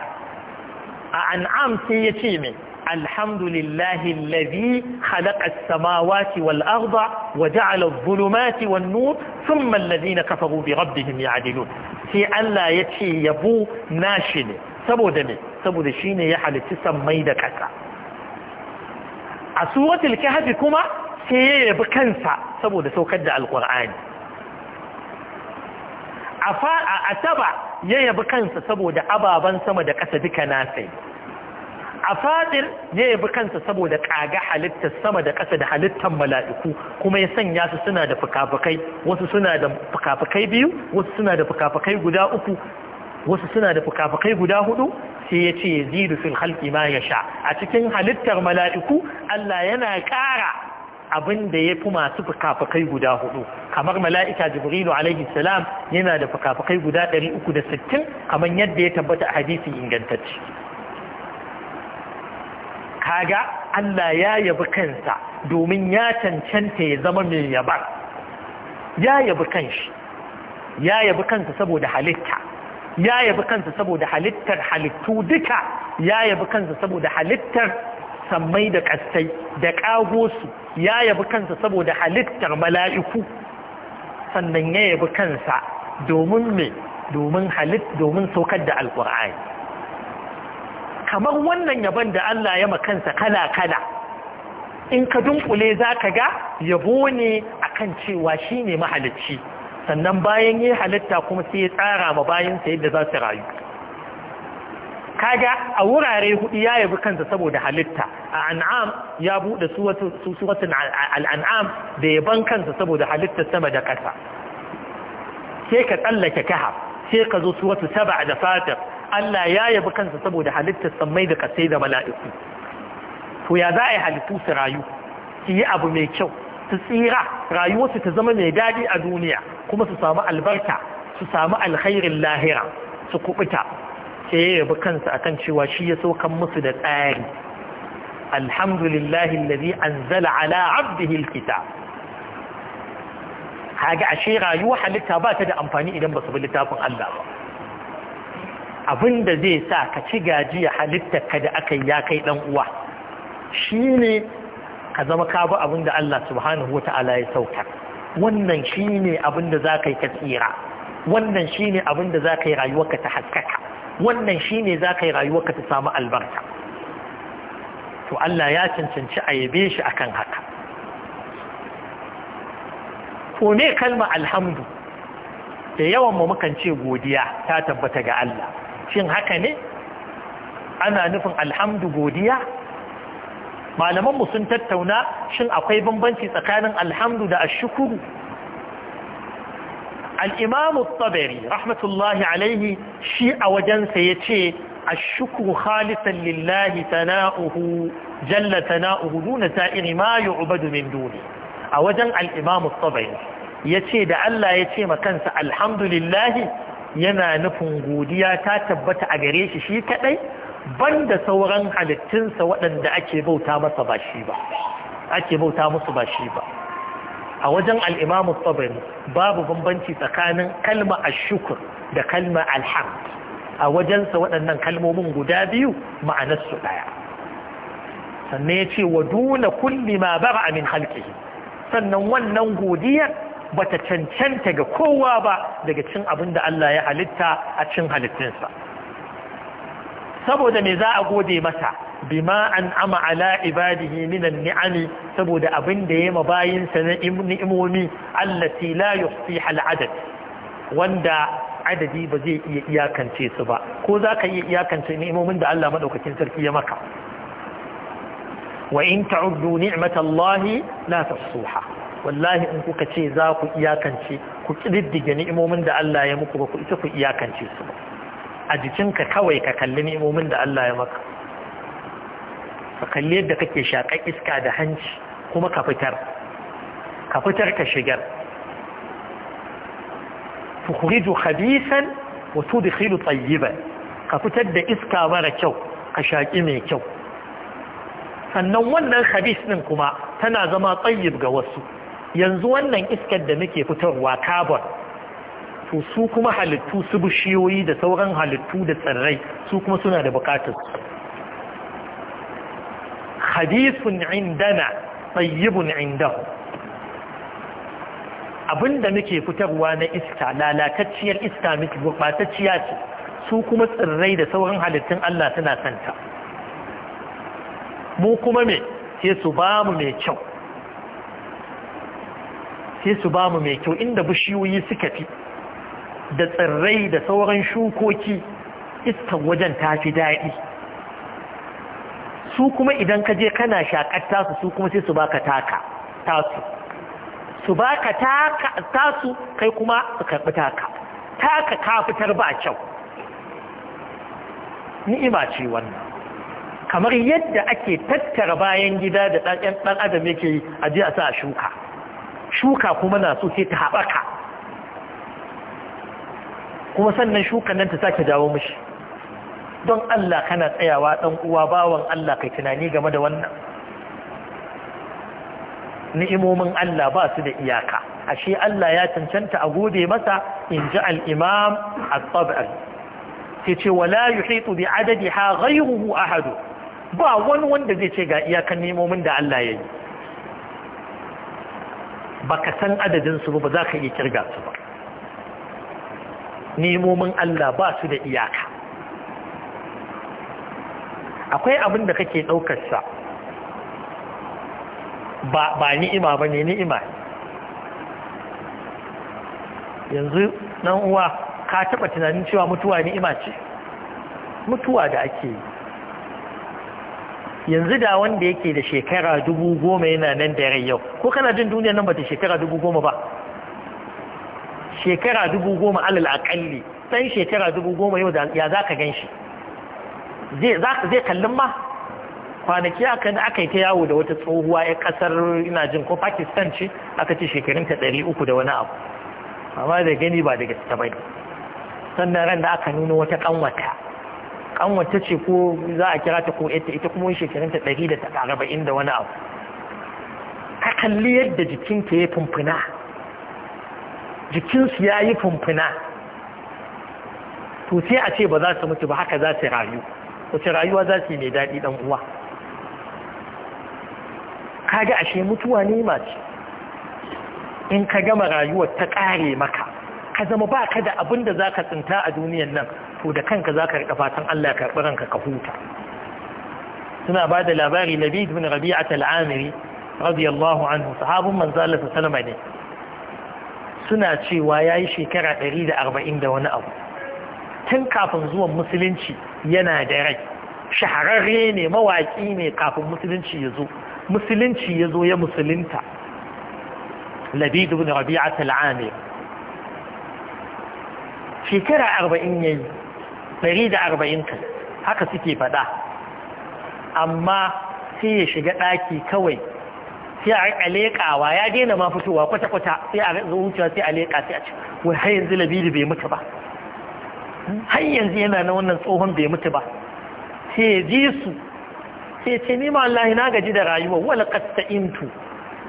a an'am sai ya ce mai alhamdulillahi allazi khalaqa as-samawati wal arda wa ja'ala adh-dhulumati wan nur thumma alladhina kafaru bi rabbihim ya'dilun sai Allah ya ce yabo nashi ne saboda ne saboda shine ya halitta sammai da kasa a suratul kahfi kuma sai ya yabi kansa saboda saukar da alkur'ani a taba ya yabi kansa saboda ababen sama da ƙasa duka nasai a fadir ya yabi kansa saboda ƙaga halittar sama da ƙasa da halittar mala'iku kuma ya sanya su suna da fukafukai wasu suna da fukafukai biyu wasu suna da fukafukai guda uku wasu suna da fukafukai guda hudu sai ya ce zidu fil halki ma ya sha a cikin halittar mala'iku Allah yana ƙara abin da ya fi masu fukafukai guda hudu kamar mala'ika jibrilu alaihi salam yana da fukafukai guda 360 kamar yadda ya tabbata a hadisi ingantacce kaga Allah ya yabi kansa domin ya cancanta ya zama mai yabar ya yabi kanshi ya yabi kansa saboda halitta ya yabi kansa saboda halittar halittu duka ya yabi kansa saboda halittar sammai da ƙasai da ƙago su ya yabi kansa saboda halittar mala'iku sannan ya yabi kansa domin me domin halitt domin saukar da alƙur'ani kamar wannan yaban da Allah ya makansa kala-kala in ka dunkule za ka ga yabo ne a kan cewa shi ne mahalicci sannan bayan yi halitta kuma sai ya tsara ma bayansa yadda za su rayu kaga a wurare hudu ya yabi kansa saboda halitta a an'am ya bude suratun al'an'am da yaban kansa saboda halitta sama da ƙasa sai ka tsallake kaha sai ka zo suratu saba da fatar Allah ya yabi kansa saboda halitta samai da ƙasai da mala'iku to ya za a yi halittu su rayu su yi abu mai kyau su tsira rayuwarsu ta zama mai daɗi a duniya kuma su samu albarka su samu alkhairin lahira su kubuta sai ya yabi kansa akan cewa shi ya saukan musu da tsari alhamdulillahi allazi anzala ala abdihi alkitab haga ashe rayuwa halitta ba ta da amfani idan ba su bi littafin Allah ba abinda zai sa ka ci gajiya halitta ka da aka ya kai dan uwa shine ka zama ka bi abinda Allah subhanahu wataala ya sauka wannan shine abinda zaka yi ka tsira wannan shine abinda zaka yi rayuwarka ta haskaka wannan shi ne za zaka yi ka ta samu albarka to Allah ya cancanci a yabe shi akan haka ko ne kalma alhamdu da yawan mu mukan ce godiya ta tabbata ga Allah shin haka ne ana nufin alhamdu godiya malaman mu sun tattauna shin akwai bambanci tsakanin alhamdu da ashukuru al'imamu tsabari rahmatullahi alaihi shi a wajensa ya ce a shuku khalisan lillahi sana'uhu jalla sana'uhu nuna sa'iri ma yi ubadu min duni a wajen al'imamu tsabari ya ce da Allah ya ce makansa alhamdulillahi yana nufin godiya ta tabbata a gare shi shi kaɗai banda sauran halittunsa waɗanda ake bauta masa ba shi ba ake bauta musu ba shi ba a wajen al'imamu tsabari babu bambanci tsakanin kalma shukur da kalma alhamd a wajensa waɗannan kalmomin guda biyu ma'anarsu ɗaya sannan ya ce wa duna kulli ma bara amin halkihi sannan wannan godiyar ba ta cancanta ga kowa ba daga cin abin da Allah ya halitta a cin halittinsa saboda me za a gode masa bima an ama ala ibadihi minan ni'ami saboda abin da ya mabayin sa na ni'imomi allati la yuhsi hal adad wanda adadi ba zai iya iyakance su ba ko za ka iya iyakance ni'imomin da Allah madaukakin sarki ya maka wa in ta'uddu ni'matallahi la tuhsuha wallahi in kuka ce za ku iyakance ku kididdige ni'imomin da Allah ya muku ba ku ita ku iyakance su ba a jikinka kawai ka kalli ni'imomin da Allah ya maka ka kalli yadda kake shaƙar iska da hanci kuma ka fitar ka fitar ka shigar tukhriju khabisan wa tudkhilu tayyiban ka fitar da iska mara kyau ka shaƙi mai kyau sannan wannan khabis din kuma tana zama tayyib ga wasu yanzu wannan iskar da muke fitarwa carbon to su kuma halittu su bishiyoyi da sauran halittu da tsirrai su kuma suna da bukatar hadisun indana tsayibun indahu abinda muke fitarwa na iska lalatacciyar iska miki gurbatacciya ce su kuma tsirrai da sauran halittun Allah suna santa mu kuma me sai su bamu mai kyau sai su ba mai kyau inda bishiyoyi suka fi da tsirrai da sauran shukoki iskan wajen ta fi daɗi su kuma idan ka je kana shakar tasu su kuma sai su baka taka tasu su baka taka tasu kai kuma su karɓi taka taka ka fitar ba kyau ni'ima ce wannan kamar yadda ake tattara bayan gida da ɗan adam yake yi a ji a sa shuka shuka kuma na so sai ta haɓaka kuma sannan shukan nan ta sake dawo mishi don Allah kana tsayawa ɗan uwa bawan Allah kai tunani game da wannan ni'imomin Allah ba su da iyaka ashe Allah ya cancanta a gode masa in ji al'imam al-tab'ar ke ce wala yuhitu bi adadi ha ghayruhu ahadu ba wani wanda zai ce ga iyakan ni'imomin da Allah ya yi baka san adadin su ba za ka iya kirga su ba Ni'imomin Allah ba su da iyaka akwai abin da kake ɗaukarsa ba ni'ima ba ne ni'ima yanzu nan uwa ka taɓa tunanin cewa mutuwa ni'ima ce mutuwa da ake yi yanzu da wanda yake da shekara dubu goma yana nan da yare yau ko kana jin duniya nan ba ta shekara dubu goma ba shekara dubu goma alal akalli ɗan shekara dubu goma yau ya za ka gan shi zai kallon ma kwanaki aka da aka yi ta yawo da wata tsohuwa ya kasar ina jin ko pakistan ce aka ce shekarun ta ɗari uku da wani abu amma da gani ba da gaske bai sannan ran da aka nuna wata kanwata kanwata ce ko za a kira ta ko ita ita kuma shekarun ta ɗari da arba'in da wani abu ka kalli yadda jikinta ya fumfuna jikinsu ya yi fumfuna to sai a ce ba za su mutu ba haka za su rayu wace rayuwa za su yi mai daɗi ɗan uwa Ka ga ashe mutuwa ne ce in ka gama rayuwar ta ƙare maka ka zama ba ka da abin da za ka tsinta a duniyan nan to da kanka za ka riƙa fatan Allah ya karɓi ranka ka huta suna ba da labari labid bin rabi'at rabi radiyallahu anhu sahabun manzo Allah sallama ne suna cewa yayi shekara ɗari da arba'in da wani abu tun kafin zuwan musulunci yana da rai shahararre ne mawaƙi ne kafin musulunci ya zo musulunci ya zo ya musulunta labid ibn rabi'at al-amir shekara 40 da 140 ta haka suke faɗa amma sai ya shiga ɗaki kawai sai a riƙa leƙawa ya daina ma fitowa kwata-kwata sai a riƙa zuciya sai a leƙa sai a ce wai har yanzu Labidu bai mutu ba har yanzu yana na wannan tsohon bai mutu ba ce ji su ce ce ni Allah na gaji da rayuwa wala intu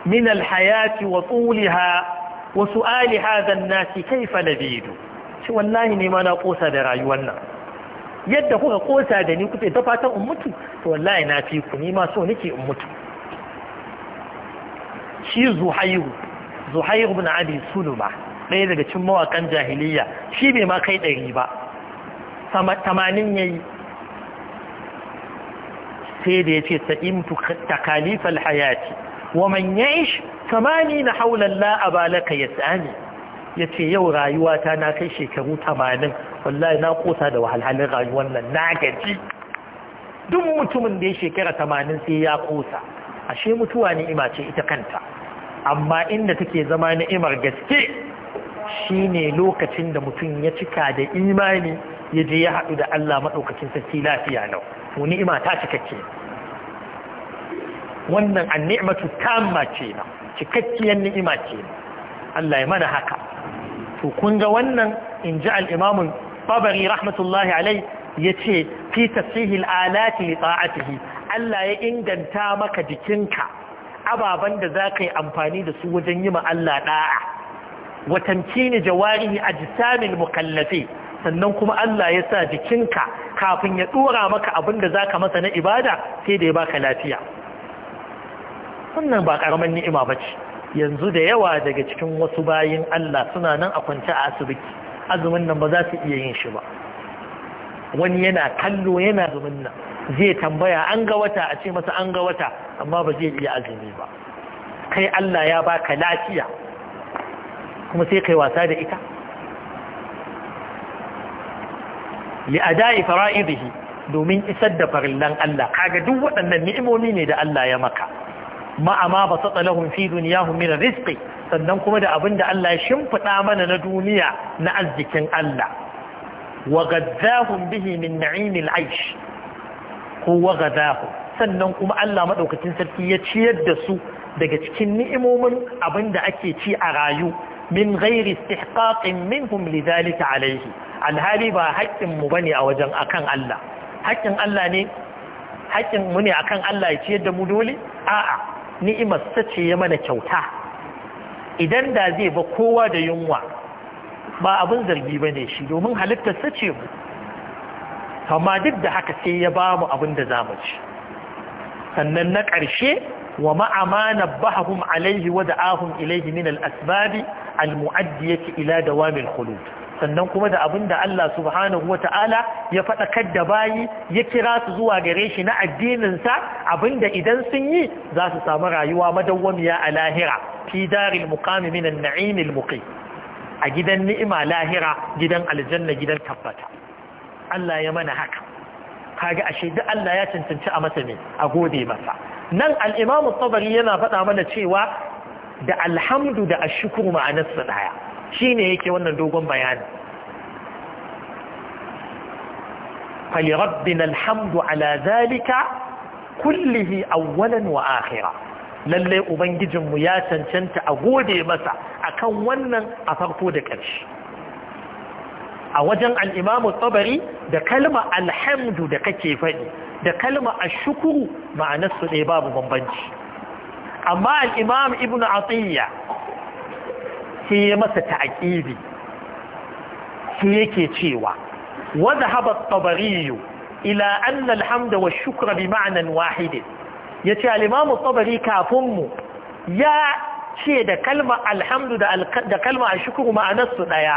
min alhayati wa tuliha wa su'ali hadha an-nasi na nabidu ce wallahi nima na kosa da rayuwar nan yadda kuka kosa da ni kuke ta fatan in mutu to wallahi na fi ku ni so nake in mutu shi zuhairu zuhairu na abi suluma ɗaya daga cikin mawakan jahiliya shi bai ma kai ɗari ba tamanin ya yi sai da ya ce sa'imtu takalifal hayati wa manya ya tamani na haulalla a balaka ya tsani ya ce yau rayuwata na kai shekaru tamanin wallahi na kosa da wahalhalin rayuwar nan na gaji duk mutumin da ya shekara tamanin sai ya kosa ashe mutuwa ima ce ita kanta amma inda take zama ni'imar gaske shine lokacin da mutum ya cika da imani ya je ya haɗu da Allah maɗaukacin sarki lafiya lau to ni'ima ta cikakke wannan anni'matu tamma ce na cikakkiyar ni'ima ce Allah ya mana haka to kun ga wannan in ji al-Imam Tabari rahmatullahi alai yace fi tafsihil alati li ta'atihi Allah ya inganta maka jikinka ababan da zaka yi amfani da su wajen yi ma Allah da'a wa tamkini jawarihi ajsamil mukallafi sannan kuma Allah ya sa jikinka kafin ya dora maka abin da ka masa na ibada sai da ya baka lafiya wannan ba ƙaramin ni'ima ba ce. yanzu da yawa daga cikin wasu bayin Allah suna nan a kwance a asibiti azumin nan ba za su iya yin shi ba wani yana kallo yana azumin nan zai tambaya an ga wata a ce masa an ga wata amma ba zai iya azumi ba kai Allah ya baka lafiya kuma sai kai wasa da ita li adai fara'idihi domin isar da farillan Allah kaga duk waɗannan ni'imomi ne da Allah ya maka ma'ama ba sata lahum fi dunyahum min rizqi sannan kuma da abinda Allah ya shimfiɗa mana na duniya na arzikin Allah wa gadzahum bihi min na'imil aish ko wa gadzahum sannan kuma Allah madaukakin sarki ya ciyar da su daga cikin ni'imomin abinda ake ci a rayu min ghairi istihqaqin minhum lidhalika alayhi alhali ba haƙƙin mu bane a wajen akan Allah haƙƙin Allah ne haƙƙin mu ne akan Allah ya ciyar da mu dole a'a ni'imar ta ya mana kyauta idan da zai ba kowa da yunwa ba abin zargi bane shi domin halittar sace mu amma duk da haka sai ya bamu abun da za mu ci sannan na ƙarshe wa ma'amana bahahum alaihi wa da'ahum ilaihi min al-asbabi al-mu'addiyati ila dawamil khulud sannan kuma da abinda Allah subhanahu wata'ala ya faɗakar da bayi ya kira su zuwa gare shi na addinin sa abinda idan sun yi za su samu rayuwa madawwamiya a lahira fi daril muqami min an-na'im al muqi a gidan ni'ima lahira gidan aljanna gidan tabbata Allah ya mana haka kaga ashe duk Allah ya cancanci a masa ne a gode masa nan al-Imam tabari yana faɗa mana cewa da alhamdu da ashukuru ma'anarsa daya shine yake wannan dogon bayani فلربنا ala zalika kullihi كله wa وآخرا lalle ubangijinmu ya cancanta a gode masa akan wannan a farko da ƙarshe a wajen al'imamu tsabari da kalma alhamdu da kake faɗi da kalma ashukuru ma'anarsu ɗaya babu bambanci amma al’imam ibnu atiyya shi yi masa ta’aƙiri shi yake cewa wadda haɓa tsabariyu ila an alhamda wa shukura bi ma'anan wahide ya ce alimamu tsabari kafinmu ya ce da kalma alhamdu da kalma a shukuru ma'anarsu ɗaya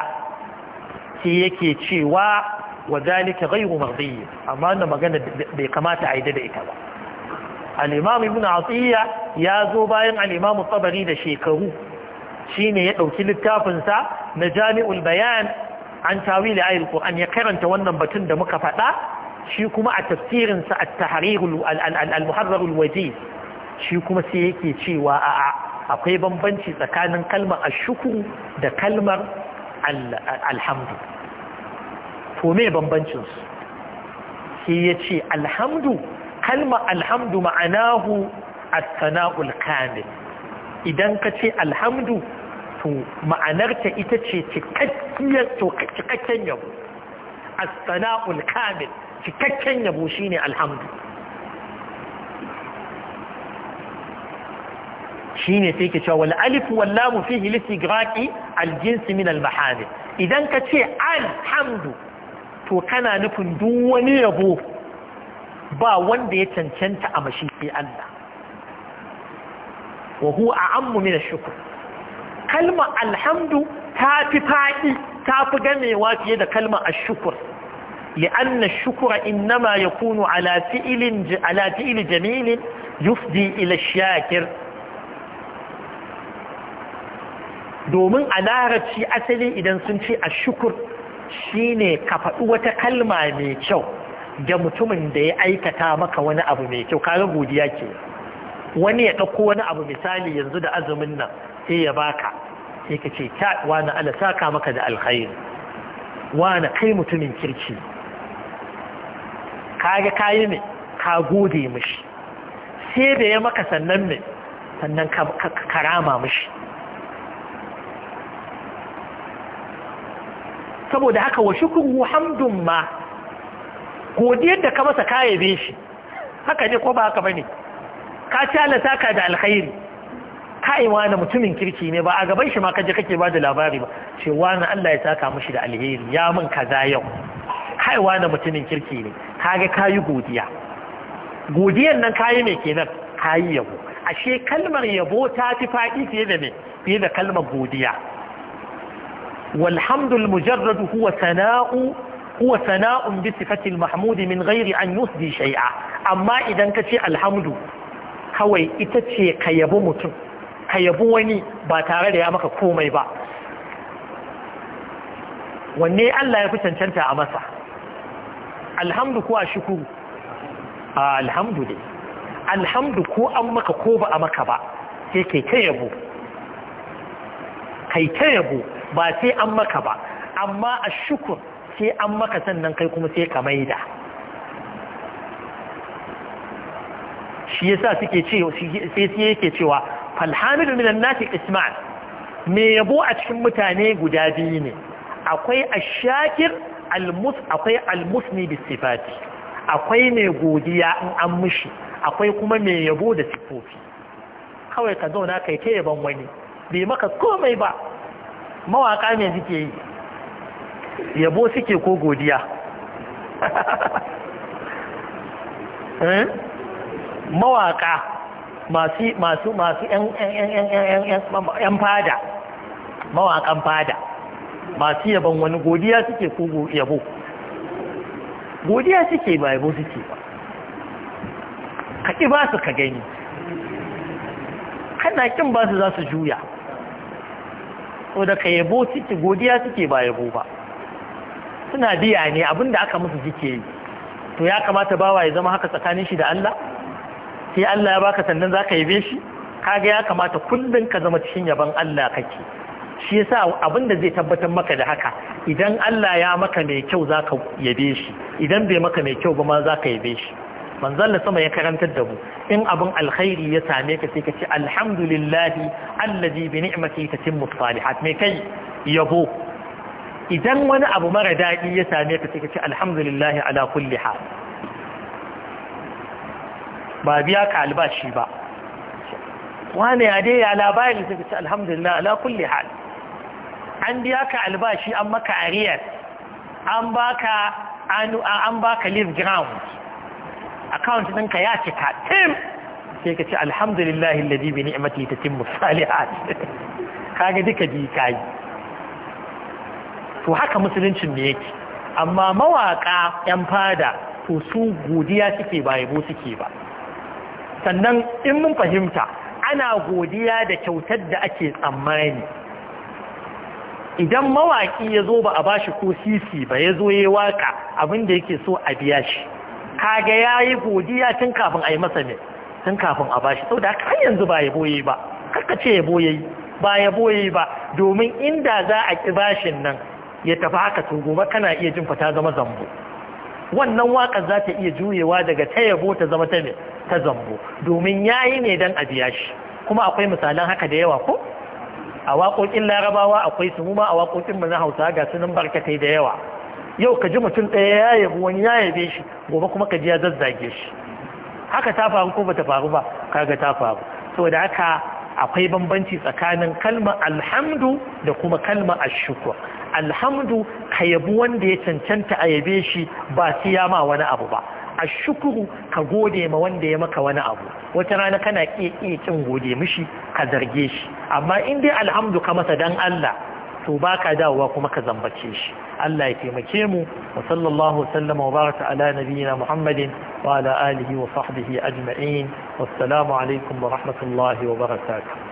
shi yake cewa wa zalika gairu marziyu amma wanda magana bai kamata a yi da ita ba al'imam ibn atiyya ya zo bayan al'imam tabari da shekaru shine ya ɗauki littafinsa na jami'ul bayan an tawili ayil qur'an ya karanta wannan batun da muka faɗa shi kuma a tafsirinsa a tahrirul al-muharrarul waji shi kuma sai yake cewa a'a akwai bambanci tsakanin kalmar ashukuru da kalmar alhamdu to me bambancinsu sai ya ce alhamdu kalma alhamdu ma'anahu as-sana'ul kamil idan ka ce alhamdu to ma'anarta ita ce cikakken yabo as-sana'ul kamil cikakken yabo shine alhamdu ne sai ke cewa wal alif wallamu lam fihi litigraqi al min al idan ka ce alhamdu to kana nufin duk wani yabo ba wanda ya cancanta a mashi sai Allah wa a a'ammu min ash kalma alhamdu ta fi fadi ta fi gamewa fiye da kalma ash-shukr لأن الشكر إنما يكون على فئل على فئل جميل يفدي إلى الشاكر domin a asali idan sun ce a shukur shine ka faɗi wata kalma mai kyau da mutumin da ya aikata maka wani abu mai kyau kaga godiya ke wani ya ɗauko wani abu misali yanzu da azumin nan sai ya baka sai ka ce ta wani ala saka maka da alkhairi wani kai mutumin kirki kaga kayi ne ka gode mishi sai da ya maka sannan ne sannan ka karama mishi saboda haka wa shukuru hamdun ma godiyar da ka masa be shi haka ne ko ba haka bane ka calata ka da alkhairi wa na mutumin kirki ne ba a gaban shi ma kaje kake ba da labari ba ce na Allah ya saka mishi da alheri ya min kaza yau wa na mutumin kirki ne kaga kayi godiya godiyar nan kayi me kenan kayi yabo ashe kalmar yabo ta fi faɗi fiye da me fiye da kalmar godiya والحمد المجرد هو ثناء huwa sana'un bi sifatil mahmudi min an yusdi shai'a amma idan ka ce alhamdu kawai ita ce ka yabi mutum ka yabi wani ba tare da ya maka komai ba wanne Allah ya fi cancanta a masa alhamdu ko a shukuru alhamdu ne an maka ko ba a maka ba sai kai ta yabu ba sai an maka ba amma a shukur sai an maka sannan kai kuma sai ka maida shi ya sa suke ce sai sai yake cewa falhamidu minan nasi isma'il me yabo a cikin mutane guda biyu ne akwai ashakir almus akwai almus almusni sifati akwai mai godiya in an mushi akwai kuma mai yabo da sifofi kawai ka zauna kai ta yaban wani bai maka komai ba mawaka ne suke yi yabo suke ko godiya eh? mawaka masu masu masu yan fada mawakan fada masu yabon wani godiya suke ko yabo godiya suke ba yabo suke ba ka ba su ka gani kana ƙin ba su za su juya so da ka yabo suke godiya suke ba yabo ba suna biya ne abin da aka musu suke yi to ya kamata bawa ya zama haka tsakanin shi da Allah sai Allah ya baka sannan zaka yabe shi kaga ya kamata kullum ka zama cikin yaban Allah kake shi yasa abin da zai tabbatar maka da haka idan Allah ya maka mai kyau zaka yabe shi idan bai maka mai kyau ba ma zaka yabe shi manzon sama ya karantar da mu in abin alkhairi ya same ka sai ka ce alhamdulillahi alladhi bi ni'matihi tatimmu salihat mai kai yabo idan wani abu mara daɗi ya same ka sai ka ce alhamdulillah ala kulli hal ba biya ka albashi ba Wani ya dai ya labarin sai ka ce alhamdulillah ala kulli hal an biya ka albashi an maka ariyar an baka an baka leave ground account ɗinka ya cika tim sai ka ce alhamdulillah alladhi bi ni'mati tatimmu salihat (laughs) kaga duka bi kai to haka musuluncin ne yake amma mawaka yan fada to su godiya suke ba yabo suke ba sannan in mun fahimta ana godiya da kyautar da ake tsammani idan mawaki ya zo ba a ba shi ko sisi ba ya zo ya yi waka abinda yake so a biya shi kaga ya yi godiya tun kafin a yi masa ne tun kafin a ba shi. sau da har yanzu ba ya boye ba karka ce ya boye ba ya boye ba domin inda za a ƙi bashin nan ya tafi haka to gobe kana iya jin fata zama zambo wannan waƙar za ta iya juyewa daga ta yabo ta zama ta ta zambo domin yayi ne dan a biya shi kuma akwai misalan haka da yawa ko a waƙoƙin larabawa akwai su ma a waƙoƙin mu na hausa ga sunan barkatai da yawa yau ka ji mutum ɗaya ya yabo wani ya yabe shi gobe kuma ka ji ya zazzage shi haka ta faru ko bata faru ba kaga ta faru saboda haka akwai bambanci tsakanin kalmar alhamdu da kuma kalmar ashukur alhamdu ka yabi wanda ya cancanta a yabe shi ba siya ma wani abu ba a shukuru ka gode ma wanda ya maka wani abu wata rana kana iya cin gode mishi ka zarge shi amma in dai alhamdu ka masa dan Allah to baka dawowa kuma ka zambace shi Allah ya taimake mu wa sallallahu sallama wa baraka ala nabiyyina Muhammadin wa ala alihi wa sahbihi ajma'in wassalamu alaikum wa rahmatullahi wa barakatuh